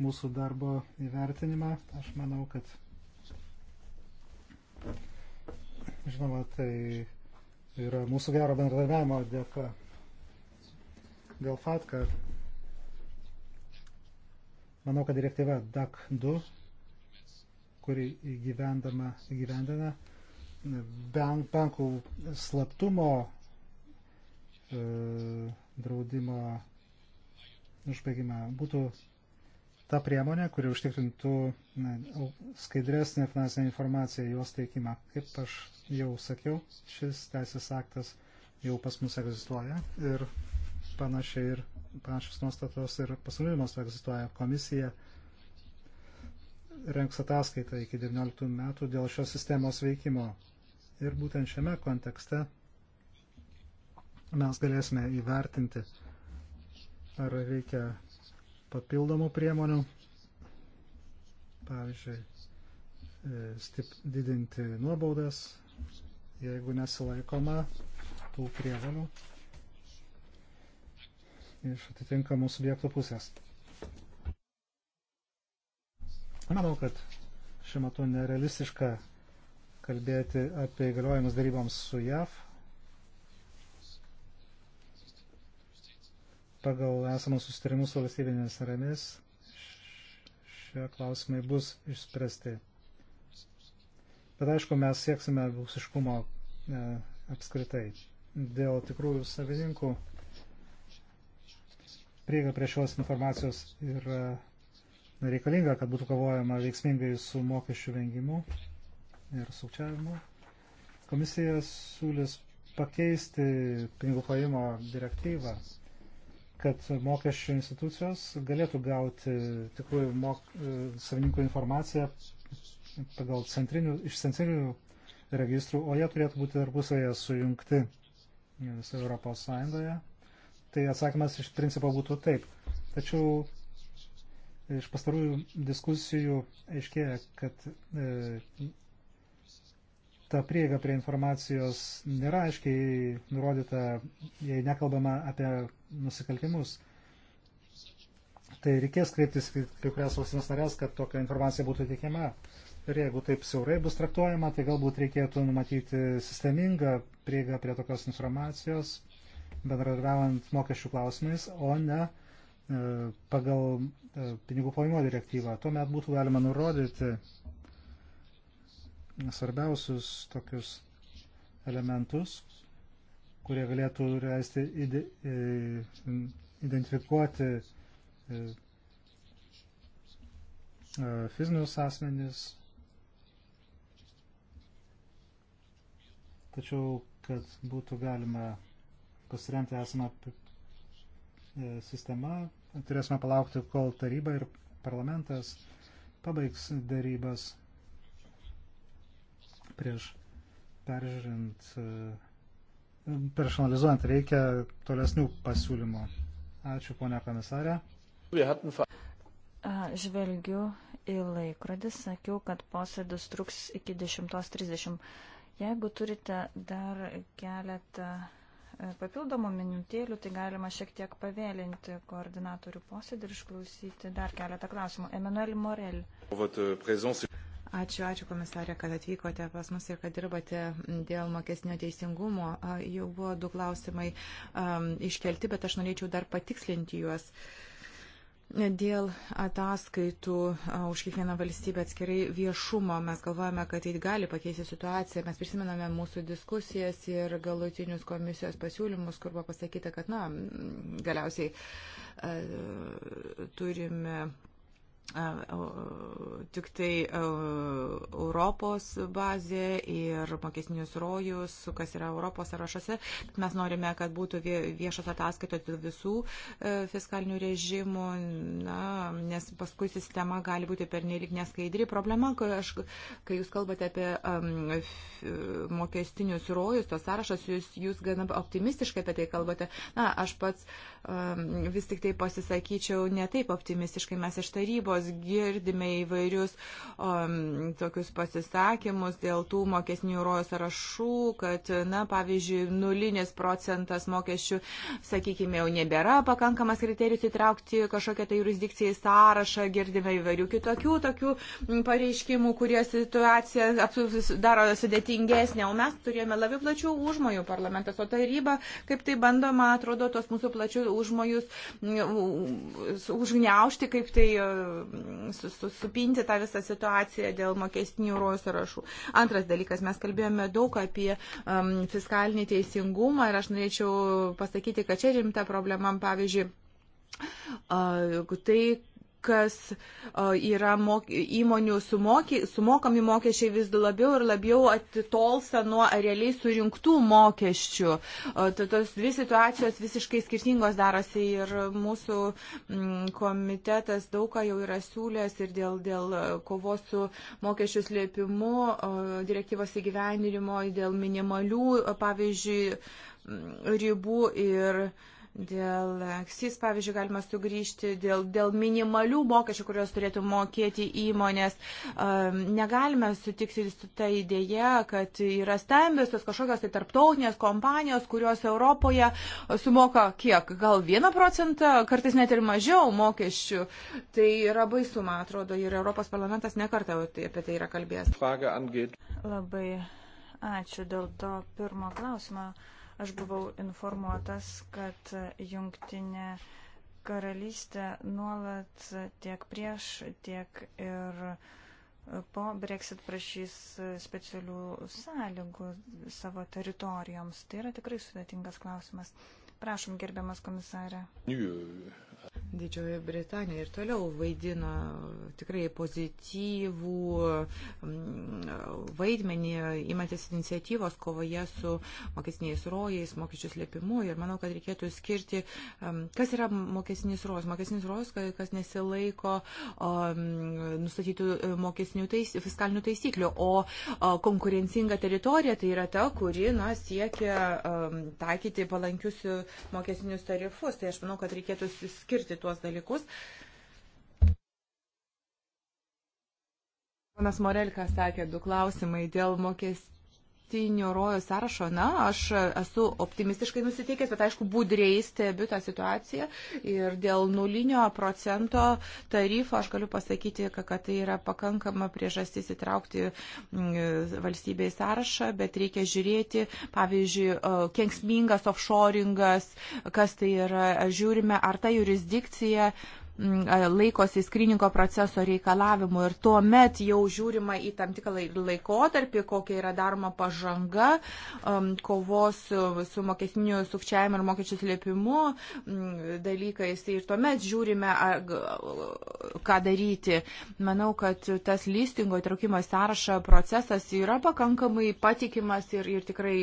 B: mūsų darbo įvertinimą. Aš manau, kad Žinoma, tai yra mūsų gero bendradarbiavimo dėka. Dėl fatka, manau, kad direktyva DAC 2, kuri įgyvendina bankų slaptumo e, draudimo užbaigimą, būtų ta priemonė, kuri užtikrintų na, skaidresnę finansinę informaciją jos teikimą. Kaip aš jau sakiau, šis teisės aktas jau pas mus egzistuoja ir panašiai ir panašios nuostatos ir pasaulyje mastu egzistuoja komisija renks ataskaitą iki 19 metų dėl šios sistemos veikimo. Ir būtent šiame kontekste mes galėsime įvertinti, ar reikia papildomų priemonių, pavyzdžiui, e, stip, didinti nuobaudas jeigu nesilaikoma tų prievalių iš atitinkamų subjektų pusės. Manau, kad šiuo metu nerealistiška kalbėti apie įgaliojimus daryboms su JAV. Pagal esamus susitarimus su valstybinėmis narėmis šie klausimai bus išspręsti. Bet aišku, mes sieksime būsiškumo e, apskritai. Dėl tikrųjų savininkų prieiga prie šios informacijos yra reikalinga, kad būtų kovojama veiksmingai su mokesčių vengimu ir sukčiavimu. Komisija siūlys pakeisti pinigų plovimo direktyvą, kad mokesčių institucijos galėtų gauti tikrųjų mok, e, savininkų informaciją pagal centrinių, iš centrinių registrų, o jie turėtų būti tarpusavėje sujungti visoje Europos Sąjungoje. Tai atsakymas iš principo būtų taip. Tačiau iš pastarųjų diskusijų aiškėja, kad e, ta prieiga prie informacijos nėra aiškiai nurodyta, jei nekalbama apie nusikaltimus. Tai reikės kreiptis kai kurias valstybės narės, kad tokia informacija būtų teikiama. Ir jeigu taip siaurai bus traktuojama, tai galbūt reikėtų numatyti sistemingą prieigą prie tokios informacijos, bendradarbiaujant mokesčių klausimais, o ne e, pagal e, pinigų plovimo direktyvą. Tuomet būtų galima nurodyti svarbiausius tokius elementus, kurie galėtų leisti ide, e, identifikuoti fizinius asmenis, Tačiau, kad būtų galima pasiremti esamą e, sistemą, turėsime palaukti, kol taryba ir parlamentas pabaigs darybas prieš peržiūrint, e, prieš analizuojant reikia tolesnių pasiūlymų. Ačiū, ponia komisarė.
C: Žvelgiu į laikrodį, sakiau, kad posėdis truks iki 10.30. Jeigu turite dar keletą e, papildomų minutėlių, tai galima šiek tiek pavėlinti koordinatorių
A: posėdį ir išklausyti dar keletą klausimų. Emanuel Morel.
B: Ačiū,
A: ačiū komisarė, kad atvykote pas mus ir kad dirbate dėl mokesnio teisingumo. Jau buvo du klausimai um, iškelti, bet aš norėčiau dar patikslinti juos. Uh, Dėl ataskaitų už kiekvieną valstybę atskirai viešumo mes galvojame, kad tai gali pakeisti situaciją. Mes prisimename mūsų diskusijas ir galutinius komisijos pasiūlymus, kur buvo pasakyta, kad na, galiausiai e, turime tik tai Europos bazė ir mokesnius rojus, kas yra Europos sąrašose. Mes norime, kad būtų viešas ataskaito dėl visų e, fiskalinių režimų, na, nes paskui sistema gali būti pernelik neskaidri. Problema, kai, aš, kai jūs kalbate apie um, mokestinius rojus, tos sąrašas, jūs, jūs gana optimistiškai apie tai kalbate. Na, aš pats uh, vis tik tai pasisakyčiau ne taip optimistiškai. Mes iš tarybos girdime įvairius um, tokius pasisakymus dėl tų mokesnių rojų sąrašų, kad, na, pavyzdžiui, nulinis procentas mokesčių, sakykime, jau nebėra pakankamas kriterijus įtraukti kažkokią tai jurisdikciją į sąrašą. Girdime įvairių kitokių tokių pareiškimų, kurie situaciją daro sudėtingesnė, o mes turėjome labai plačių užmojų parlamentas, o taryba, kaip tai bandoma, atrodo, tos mūsų plačių užmojus, užgneušti, kaip tai e, supinti tą visą situaciją dėl mokestinių rojų sąrašų. Antras dalykas, mes kalbėjome daug apie um, fiskalinį teisingumą ir aš norėčiau pasakyti, kad čia rimta problema, pavyzdžiui, tai, kas yra mok, įmonių sumoky, sumokami mokesčiai vis labiau ir labiau atitolsta nuo realiai surinktų mokesčių. Tad tos dvi situacijos visiškai skirtingos darosi ir mūsų komitetas daug ką jau yra siūlęs ir dėl, dėl kovos su mokesčių slėpimu, direktyvos įgyvendinimo, dėl minimalių, pavyzdžiui, ribų ir Dėl aksis, pavyzdžiui, galima sugrįžti, dėl, dėl minimalių mokesčių, kurios turėtų mokėti įmonės. Um, negalime sutikti su ta idėja, kad yra stambiosios kažkokios tai tarptautinės kompanijos, kurios Europoje sumoka kiek? Gal vieną procentą, kartais net ir mažiau mokesčių. Tai yra baisu, man atrodo, ir Europos parlamentas nekartą tai, apie tai yra kalbėjęs. Labai ačiū dėl
C: to pirmo klausimo. Aš buvau informuotas, kad jungtinė karalystė nuolat tiek prieš, tiek ir po Brexit prašys specialių sąlygų savo teritorijoms. Tai yra tikrai sudėtingas klausimas. Prašom, gerbiamas komisarė.
A: New Didžioji Britanija ir toliau vaidino tikrai pozityvų mm, vaidmenį, imantis iniciatyvos kovoje su mokesniais rojais, mokesčių slėpimu. Ir manau, kad reikėtų skirti, mm, kas yra mokesnis rojas. Mokesnis rojas, kas nesilaiko mm, nustatytų e, mokesnių tais, fiskalinių taisyklių. O konkurencinga teritorija tai yra ta, kuri na, siekia e, taikyti palankius e, mokesnius tarifus. Tai aš manau, kad reikėtų skirti tuos dalykus. Ponas Morelka sakė du klausimai dėl mokesčių dabartinio rojo sąrašo, na, aš esu optimistiškai nusiteikęs, bet aišku, budriai stebiu tą situaciją ir dėl nulinio procento tarifo aš galiu pasakyti, kad tai yra pakankama priežastis įtraukti mm, valstybę į sąrašą, bet reikia žiūrėti, pavyzdžiui, kenksmingas offshoringas, kas tai yra, žiūrime, ar ta jurisdikcija laikosi skriningo proceso reikalavimų ir tuo met jau žiūrima į tam tikrą laikotarpį, kokia yra daroma pažanga kovos su mokesniu sukčiavimu ir mokesčių slėpimu dalykais ir tuo met žiūrime, ką daryti. Manau, kad tas listingo įtraukimo į sąrašą procesas yra pakankamai patikimas ir, ir tikrai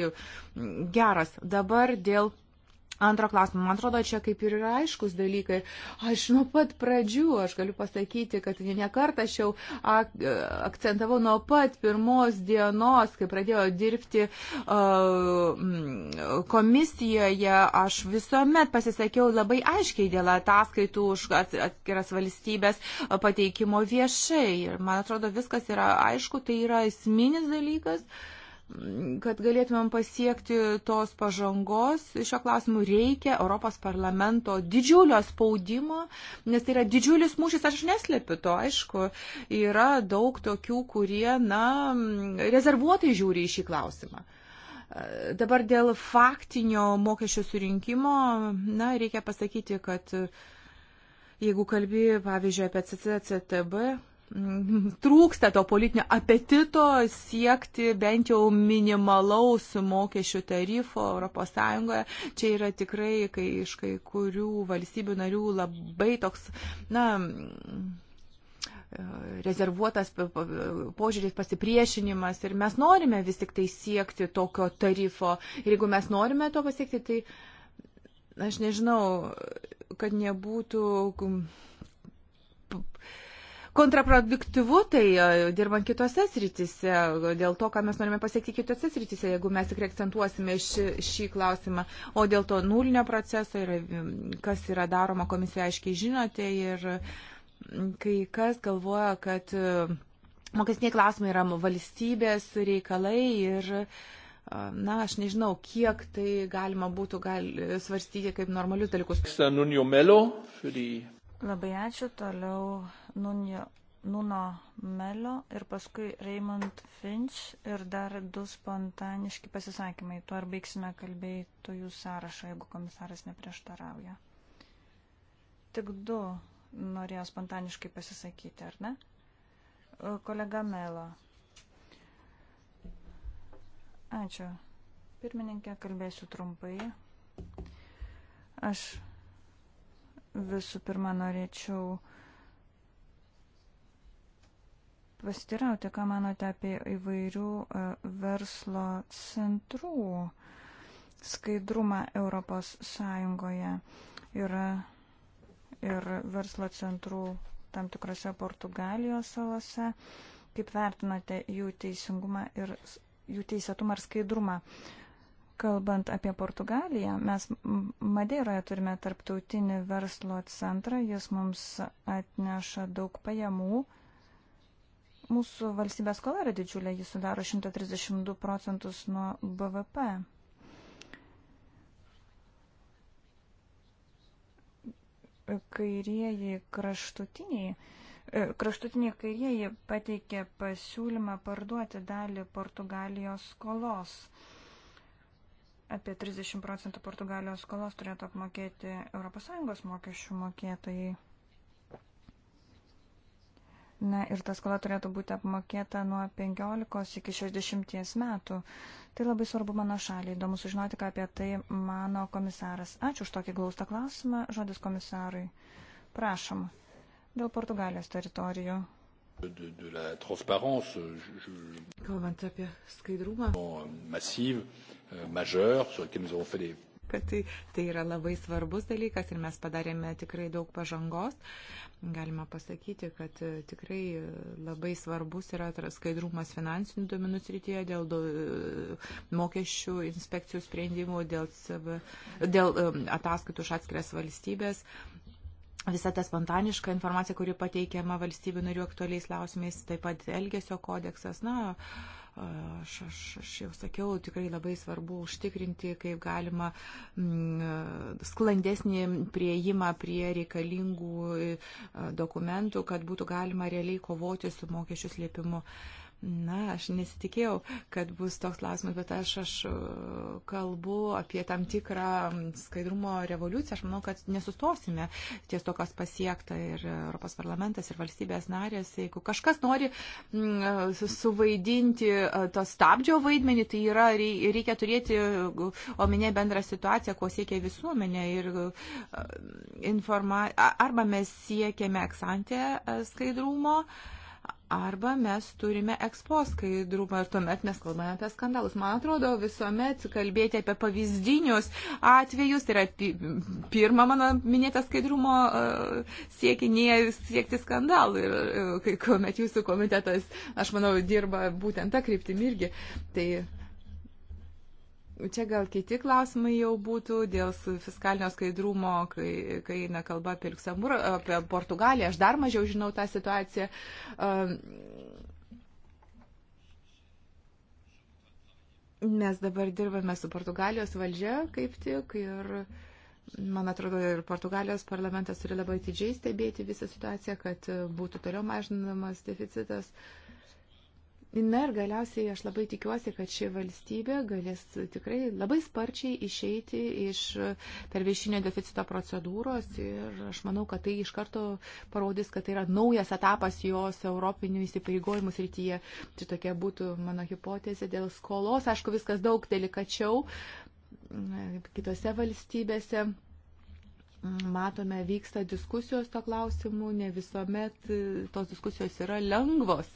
A: geras. Dabar dėl Antro klausimo, man atrodo, čia kaip ir yra aiškus dalykai. Aš nuo pat pradžių, aš galiu pasakyti, kad ne kartą aš jau ak akcentavau nuo pat pirmos dienos, kai pradėjau dirbti uh, komisijoje, aš visuomet pasisakiau labai aiškiai dėl ataskaitų už atskiras valstybės pateikimo viešai. Ir man atrodo, viskas yra aišku, tai yra esminis dalykas. Uh, kad galėtumėm pasiekti tos pažangos, šio klausimu reikia Europos parlamento didžiulio spaudimo, nes tai yra didžiulis mūšis, aš neslepiu to, aišku, yra daug tokių, kurie, na, rezervuotai žiūri į šį klausimą. Dabar dėl faktinio mokesčio surinkimo, na, reikia pasakyti, kad jeigu kalbi, pavyzdžiui, apie CCCTB, trūksta to politinio apetito siekti bent jau minimalaus mokesčių tarifo ES. Čia yra tikrai kai, iš kai kurių valstybių narių labai toks, na, rezervuotas požiūris, pasipriešinimas ir mes norime vis tik tai siekti tokio tarifo. Ir jeigu mes norime to pasiekti, tai aš nežinau, kad nebūtų kontraproduktyvu tai e, dirbant kitose srityse, dėl to, ką mes norime pasiekti kitose srityse, jeigu mes tikrai akcentuosime šį, šį klausimą. O dėl to nulinio proceso ir kas yra daroma, komisija aiškiai žinote ir kai kas galvoja, kad e, mokesniai klausimai yra valstybės reikalai ir e, na, aš nežinau, kiek tai galima būtų gal, svarstyti kaip normalius dalykus. Labai ačiū. Toliau Nunio, Nuno Melio ir paskui
C: Raymond Finch ir dar du spontaniški pasisakymai. Tuo ar baigsime kalbėtojų sąrašą, jeigu komisaras neprieštarauja. Tik du norėjo spontaniškai pasisakyti, ar ne? Kolega Melo. Ačiū. Pirmininkė, kalbėsiu trumpai. Aš Visų pirma, norėčiau pasitirauti, ką manote apie įvairių e, verslo centrų skaidrumą Europos Sąjungoje. Yra ir verslo centrų tam tikrose Portugalijos salose. Kaip vertinate jų teisingumą ir jų teisėtumą ir skaidrumą? Uh, Kalbant apie Portugaliją, mes Madeiroje turime tarptautinį verslo centrą, jis mums atneša daug pajamų. Mūsų valstybės skola yra didžiulė, jis sudaro 132 procentus nuo BVP. Kairieji kraštutiniai e, kraštutiniai kairieji pateikė pasiūlymą parduoti dalį Portugalijos skolos. Apie 30 procentų Portugalijos skolos turėtų apmokėti ES mokesčių mokėtojai. Na ir ta skola turėtų būti apmokėta nuo 15 iki 60 metų. Tai labai svarbu mano šaliai. Įdomu sužinoti, ką apie tai mano komisaras. Ačiū už tokį glaustą klausimą. Žodis komisarui. Prašom. Dėl Portugalijos teritorijų. De, de la transparence, je, je...
A: Kalbant apie skaidrumą.
C: Masyv. Uh, Euh, majeurs sur lesquels nous avons
A: fait des kad tai, tai yra labai svarbus dalykas ir mes padarėme tikrai daug pažangos. Galima pasakyti, kad e, tikrai e, labai svarbus yra skaidrumas finansinių duomenų srityje dėl do, e, mokesčių inspekcijų sprendimų, dėl, dėl ataskaitų už atskiras valstybės visa ta spontaniška informacija, kuri pateikiama valstybių narių aktualiais klausimais, taip pat Elgesio kodeksas, na, aš, aš, aš jau sakiau, tikrai labai svarbu užtikrinti, kaip galima m, mm, sklandesnį prieimą prie reikalingų e, dokumentų, kad būtų galima realiai kovoti su mokesčių slėpimu. Uh, Na, aš nesitikėjau, kad bus toks klausimas, bet aš, aš e, kalbu apie tam tikrą skaidrumo revoliuciją. Aš manau, kad nesustosime ties to, kas pasiekta ir Europos parlamentas, ir valstybės narės. Jeigu kažkas nori mm, e, suvaidinti e, to stabdžio vaidmenį, tai yra, reikia turėti omenyje bendrą situaciją, ko siekia visuomenė. Ir, informa... Arba mes siekiame eksantę skaidrumo Arba mes turime ekspo skaidrumą ir tuomet mes kalbame apie skandalus. Man atrodo, visuomet kalbėti apie pavyzdinius atvejus, tai yra pirma mano minėta skaidrumo e, siekinėje siekti skandalų. Ir e, kai kuomet jūsų komitetas, aš manau, dirba būtent tą kryptimį irgi, tai Čia gal kiti klausimai jau būtų dėl fiskalinio skaidrumo, kai, kai eina kalba apie Luxemburgą, apie Portugaliją. Aš dar mažiau žinau tą situaciją. Mes dabar dirbame su Portugalijos valdžia kaip tik ir man atrodo, ir Portugalijos parlamentas turi labai atidžiai stebėti visą situaciją, kad būtų toliau mažinamas deficitas. Uh, Na ir galiausiai aš labai tikiuosi, kad ši valstybė galės tikrai labai sparčiai išeiti iš pervišinio deficito procedūros ir aš manau, kad tai iš karto parodys, kad tai yra naujas etapas jos europinių įsipareigojimų srityje. Tai tokia būtų mano hipotezė dėl skolos. Aišku, viskas daug delikačiau kitose valstybėse mm, matome vyksta diskusijos to klausimu, ne visuomet tos diskusijos yra lengvos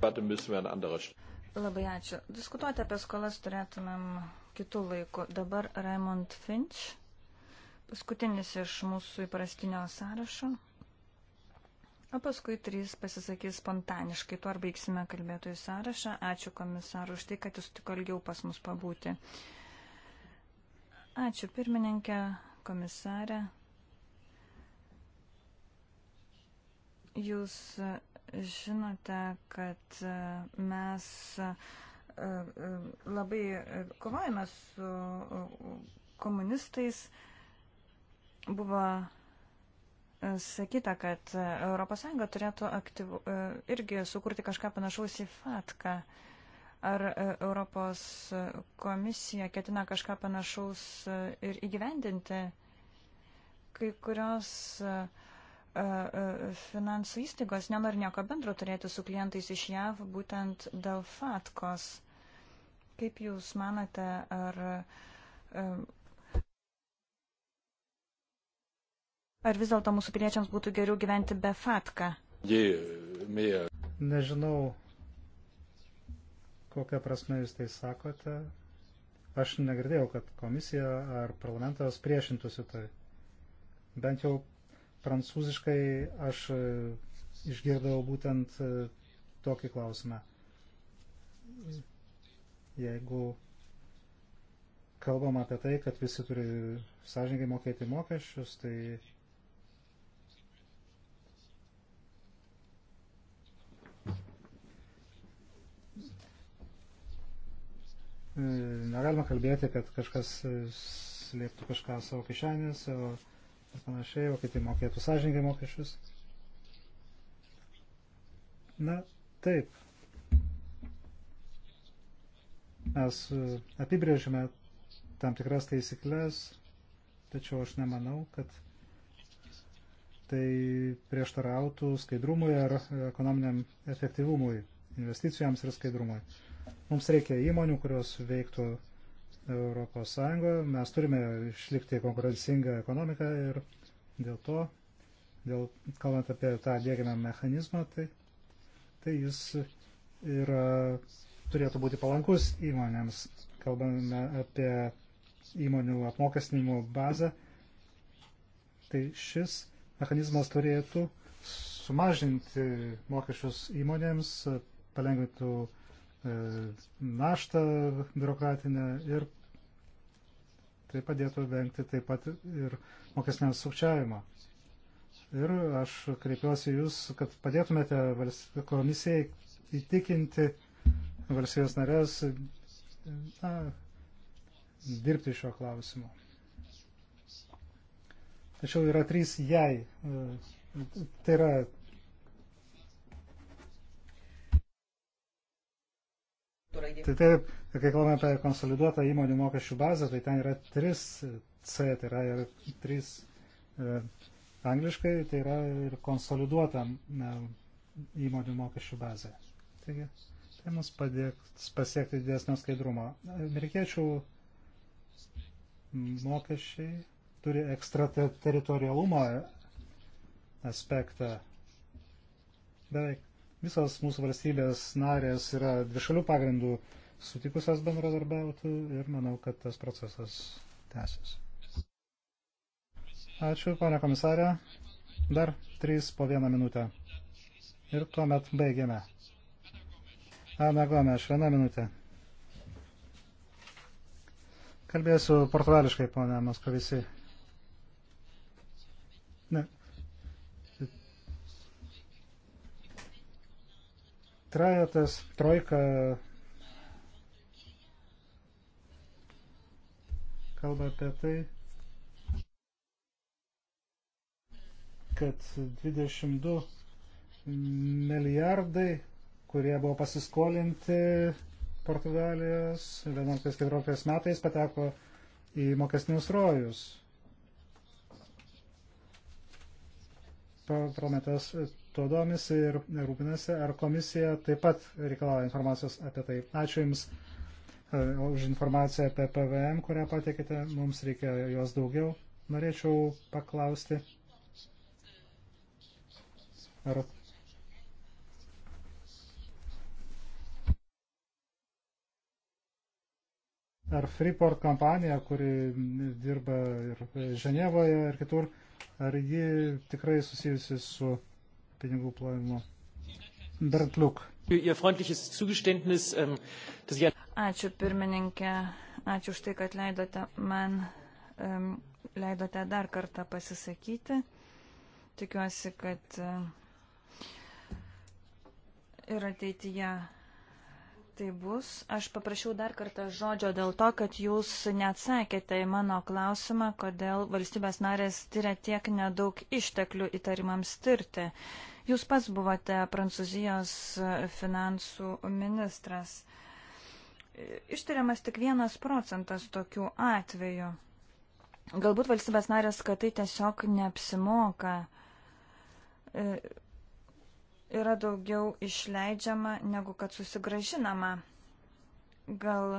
A: Labai ačiū. Diskutuoti apie skolas turėtumėm kitų laikų. Dabar
C: Raymond Finch, paskutinis iš mūsų įprastinio sąrašo. O paskui trys pasisakys spontaniškai. Tuo ar baigsime kalbėtojų sąrašą. Ačiū komisaru už tai, kad jūs tik ilgiau pas mus pabūti. Ačiū pirmininkė, komisarė. Jūs žinote, kad e, mes e, e, labai kovojame su komunistais. Buvo sakyta, kad ES turėtų aktyvu, irgi sukurti kažką panašaus į FATKA. Ar Europos komisija ketina kažką panašaus ir įgyvendinti? Kai kurios uh, E, e, finansų įstaigos nenori nieko bendro turėti su klientais iš JAV būtent dėl fatkos. Kaip Jūs manate, ar, e, ar vis dėlto mūsų piliečiams būtų geriau gyventi be fatką?
B: Nežinau, kokią prasme Jūs tai sakote. Aš negirdėjau, kad komisija ar parlamentas priešintųsi tai. Bent jau prancūziškai aš e, išgirdau būtent e, tokį klausimą. Jeigu kalbam apie tai, kad visi turi sąžininkai mokėti mokesčius, tai negalima kalbėti, kad kažkas slėptų kažką savo kišenėse, o ir panašiai, o kiti mokėtų sąžininkai mokesčius. Na, taip. Mes e, apibrėžime tam tikras taisyklės, tačiau aš nemanau, kad tai prieštarautų skaidrumui ar ekonominiam efektyvumui, investicijoms ir skaidrumui. Mums reikia įmonių, kurios veiktų Europos Sąjungoje. Mes turime išlikti konkurencingą ekonomiką ir dėl to, dėl, kalbant apie tą dėgiamą mechanizmą, tai, tai jis yra, turėtų būti palankus įmonėms. Kalbame apie įmonių apmokestinimo bazę. Tai šis mechanizmas turėtų sumažinti mokesčius įmonėms, palengvintų E, naštą biurokratinę ir tai padėtų vengti taip pat ir mokesnio sukčiavimo. Ir aš kreipiuosi jūs, kad padėtumėte komisijai įtikinti valstybės narės na, dirbti šio klausimu. Tačiau yra trys jai. E, tai yra Tai taip, kai kalbame apie konsoliduotą įmonių mokesčių bazę, tai ten yra 3C, tai yra ir 3 e, angliškai, tai yra ir konsoliduota e, įmonių mokesčių bazė. Taigi, tai mums padėks pasiekti didesnio skaidrumo. Amerikiečių mokesčiai turi ekstraterritorialumo aspektą. Beveik Visos mūsų valstybės narės yra dvišalių pagrindų sutikusios bendradarbiauti ir manau, kad tas procesas tęsis. Ačiū, ponia komisarė. Dar trys po vieną minutę. Ir tuomet baigiame. Ana Gomes, vieną minutę. Kalbėsiu portugališkai, ponia Moskovisi. Ne, Trajetas, trojka kalba apie tai, kad 22 milijardai, kurie buvo pasiskolinti Portugalijos 11-14 metais pateko į mokesnius rojus. Prometas to domisi ir rūpinasi, ar komisija taip pat reikalauja informacijos apie tai. Ačiū Jums e, už informaciją apie PVM, kurią patikite, mums reikia jos daugiau. Norėčiau paklausti, ar ar Freeport kompanija, kuri dirba ir Ženevoje, ir kitur, ar ji tikrai susijusi su pinigų plovimu. Bernd Luk.
C: Ačiū pirmininkė, ačiū už tai, kad leidote man, um, leidote dar kartą pasisakyti. Tikiuosi, kad uh, ir ateityje tai bus. Aš paprašiau dar kartą žodžio dėl to, kad jūs neatsakėte į mano klausimą, kodėl valstybės narės tyria tiek nedaug išteklių įtarimams tirti. Jūs pats buvote Prancūzijos finansų ministras. Ištiriamas tik vienas procentas tokių atvejų. Galbūt valstybės narės, kad tai tiesiog neapsimoka e, yra daugiau išleidžiama negu kad susigražinama. Gal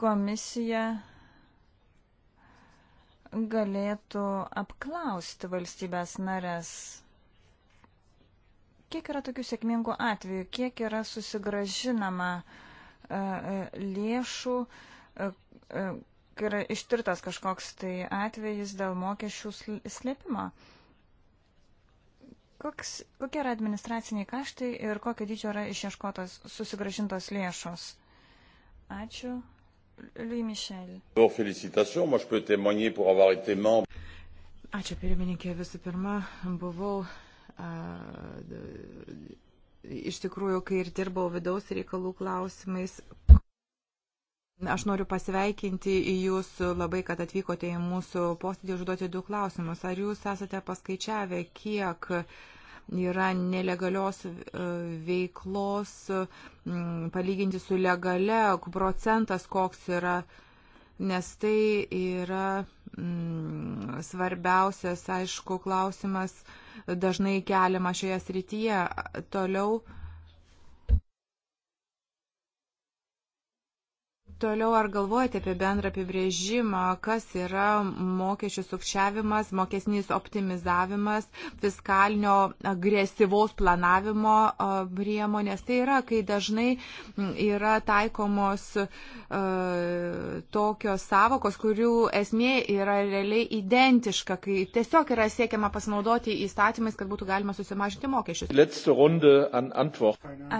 C: komisija galėtų apklausti valstybės narės, kiek yra tokių sėkmingų atvejų, kiek yra susigražinama e, e, lėšų, e, kai yra ištirtas kažkoks tai atvejis dėl mokesčių slėpimo. Sl Koks, kokie yra administraciniai kaštai ir kokio dydžio yra išieškotos susigražintos lėšos? Ačiū. Louis Michel.
A: Ačiū pirmininkė, visų pirma, buvau a, iš tikrųjų, kai ir dirbau vidaus reikalų klausimais Aš noriu pasveikinti Jūs labai, kad atvykote į mūsų posėdį užduoti du klausimus. Ar Jūs esate paskaičiavę, kiek yra nelegalios e, veiklos palyginti su legale, procentas koks yra, nes tai yra mm, svarbiausias, aišku, klausimas dažnai keliama šioje srityje. Toliau. Toliau ar galvojate apie bendrą apibrėžimą, kas yra mokesčių sukčiavimas, mokesnis optimizavimas, fiskalinio agresyvaus planavimo priemonės? Tai yra, kai dažnai yra taikomos uh, tokios savokos, kurių esmė yra realiai identiška, kai tiesiog yra siekiama pasinaudoti įstatymais, kad būtų galima susimažinti mokesčius.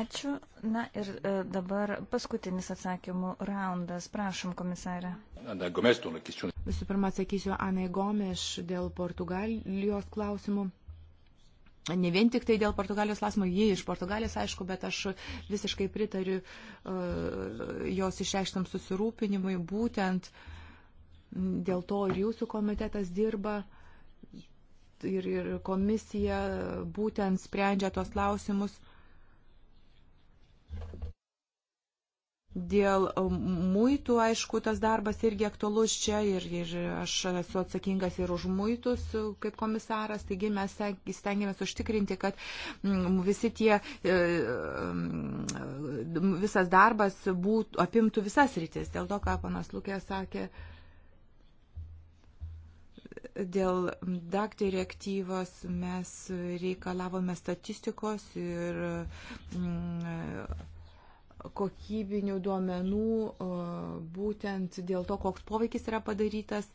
A: Ačiū. Na ir e,
C: dabar paskutinis atsakymų raundas. Prašom, komisarė. Visų
A: pirma, atsakysiu Anai Gomeš dėl Portugalijos klausimų ne vien tik tai dėl Portugalijos lasmo, ji iš Portugalijos, aišku, bet aš visiškai pritariu uh, jos išreikštam susirūpinimui, būtent dėl to ir jūsų komitetas dirba. Ir, ir komisija būtent sprendžia tuos klausimus. Uh, Dėl muitų, aišku, tas darbas irgi aktualus čia ir, ir aš esu atsakingas ir už muitus kaip komisaras, taigi mes stengiamės užtikrinti, kad mm, visi tie, e, mm, visas darbas būtų, apimtų visas rytis. Dėl to, ką panas Lukė sakė, dėl DAC direktyvos mes reikalavome statistikos ir. Mm, kokybinių duomenų būtent dėl to, koks poveikis yra padarytas.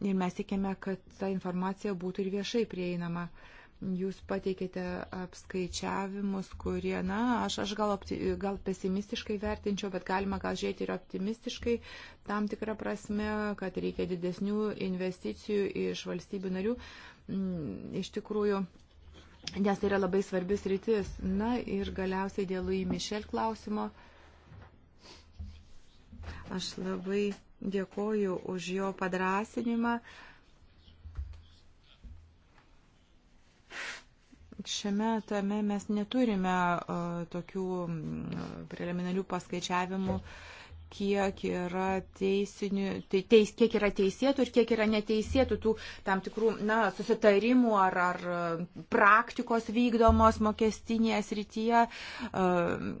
A: Ir mes tikime, kad ta informacija būtų ir viešai prieinama. Jūs pateikėte apskaičiavimus, kurie, na, aš, aš gal, opti, gal pesimistiškai vertinčiau, bet galima gal žiūrėti ir optimistiškai tam tikrą prasme, kad reikia didesnių investicijų iš valstybių narių. Mm, iš tikrųjų, nes tai yra labai svarbis rytis. Na ir galiausiai dėl Louis Michel klausimo. Aš labai dėkoju už jo padrasinimą. Šiame tame mes neturime uh, tokių uh, preliminarių paskaičiavimų. Uh, kiek yra, teisinių, teis, kiek yra teisėtų ir kiek yra neteisėtų tų tam tikrų na, susitarimų ar, ar praktikos vykdomos mokestinėje srityje. Ehm,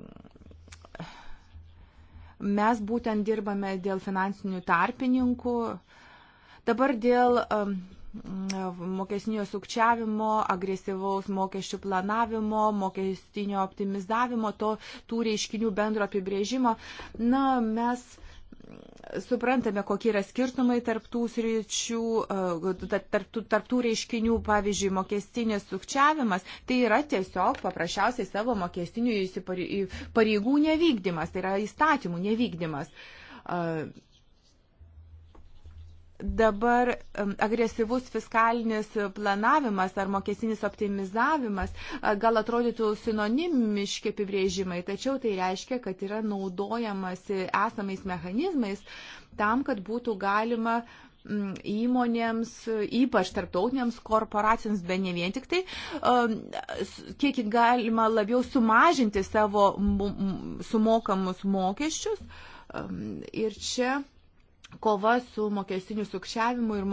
A: mes būtent dirbame dėl finansinių tarpininkų. Dabar dėl ehm, mokesnio sukčiavimo, agresyvaus mokesčių planavimo, mokestinio optimizavimo, to, tų reiškinių bendro apibrėžimo. Na, mes suprantame, kokie yra skirtumai tarptų sričių, e, tarptų, tarptų reiškinių, pavyzdžiui, mokestinis sukčiavimas, tai yra tiesiog paprasčiausiai savo mokestinių pareigų nevykdymas, tai yra įstatymų nevykdymas. E, dabar agresyvus fiskalinis planavimas ar mokesinis optimizavimas gal atrodytų sinonimiški apibrėžimai, tačiau tai reiškia, kad yra naudojamasi esamais mechanizmais tam, kad būtų galima įmonėms, ypač tarptautiniams korporacijoms, be ne vien tik tai, kiek galima labiau sumažinti savo sumokamus mokesčius. Ir čia kova su mokestiniu sukčiavimu ir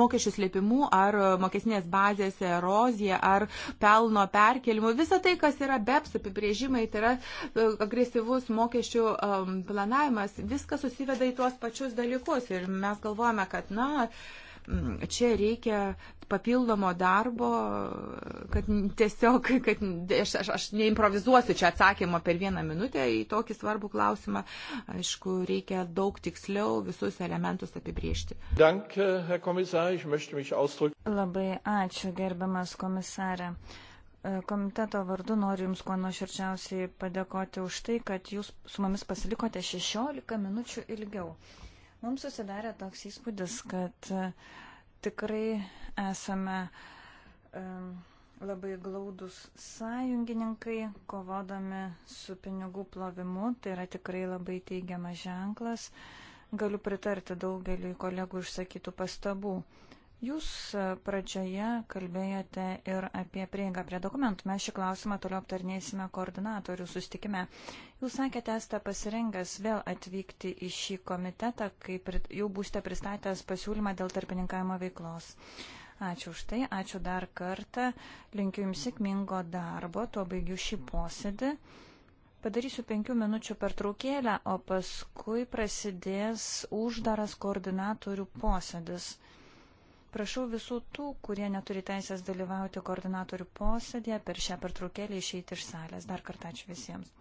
A: mokesčių slėpimu ar mokestinės bazės erozija ar pelno perkelimu. Visa tai, kas yra BEPS apibrėžimai, tai yra e, agresyvus mokesčių planavimas, viskas susiveda į tuos pačius dalykus. Ir mes galvojame, kad, na, Čia reikia papildomo darbo, kad tiesiog, kad aš, aš, aš neimprovizuosiu čia atsakymą per vieną minutę į tokį svarbų klausimą. Aišku, reikia daug tiksliau visus elementus apibriežti. Danke, Labai ačiū, gerbiamas
C: komisarė. Komiteto vardu noriu Jums kuo nuoširčiausiai padėkoti už tai, kad Jūs su mumis pasilikote 16 minučių ilgiau. Mums susidarė toks įspūdis, kad e, tikrai esame um, labai glaudus sąjungininkai, kovodami su pinigų plovimu. Tai yra tikrai labai teigiamas ženklas. Galiu pritarti daugeliu kolegų išsakytų pastabų. Uh, Jūs e, pradžioje kalbėjote ir apie prieigą prie dokumentų. Mes šį klausimą toliau aptarnėsime koordinatorių sustikime. Jūs sakėte, esate pasirengęs vėl atvykti į šį komitetą, kai jau būsite pristatęs pasiūlymą dėl tarpininkavimo veiklos. Ačiū už tai, ačiū dar kartą, linkiu Jums sėkmingo darbo, tuo baigiu šį posėdį. Padarysiu penkių minučių pertraukėlę, o paskui prasidės uždaras koordinatorių posėdis. Prašau visų tų, kurie neturi teisės dalyvauti koordinatorių posėdėje, per šią pertraukėlį išeiti iš salės. Dar kartą ačiū visiems.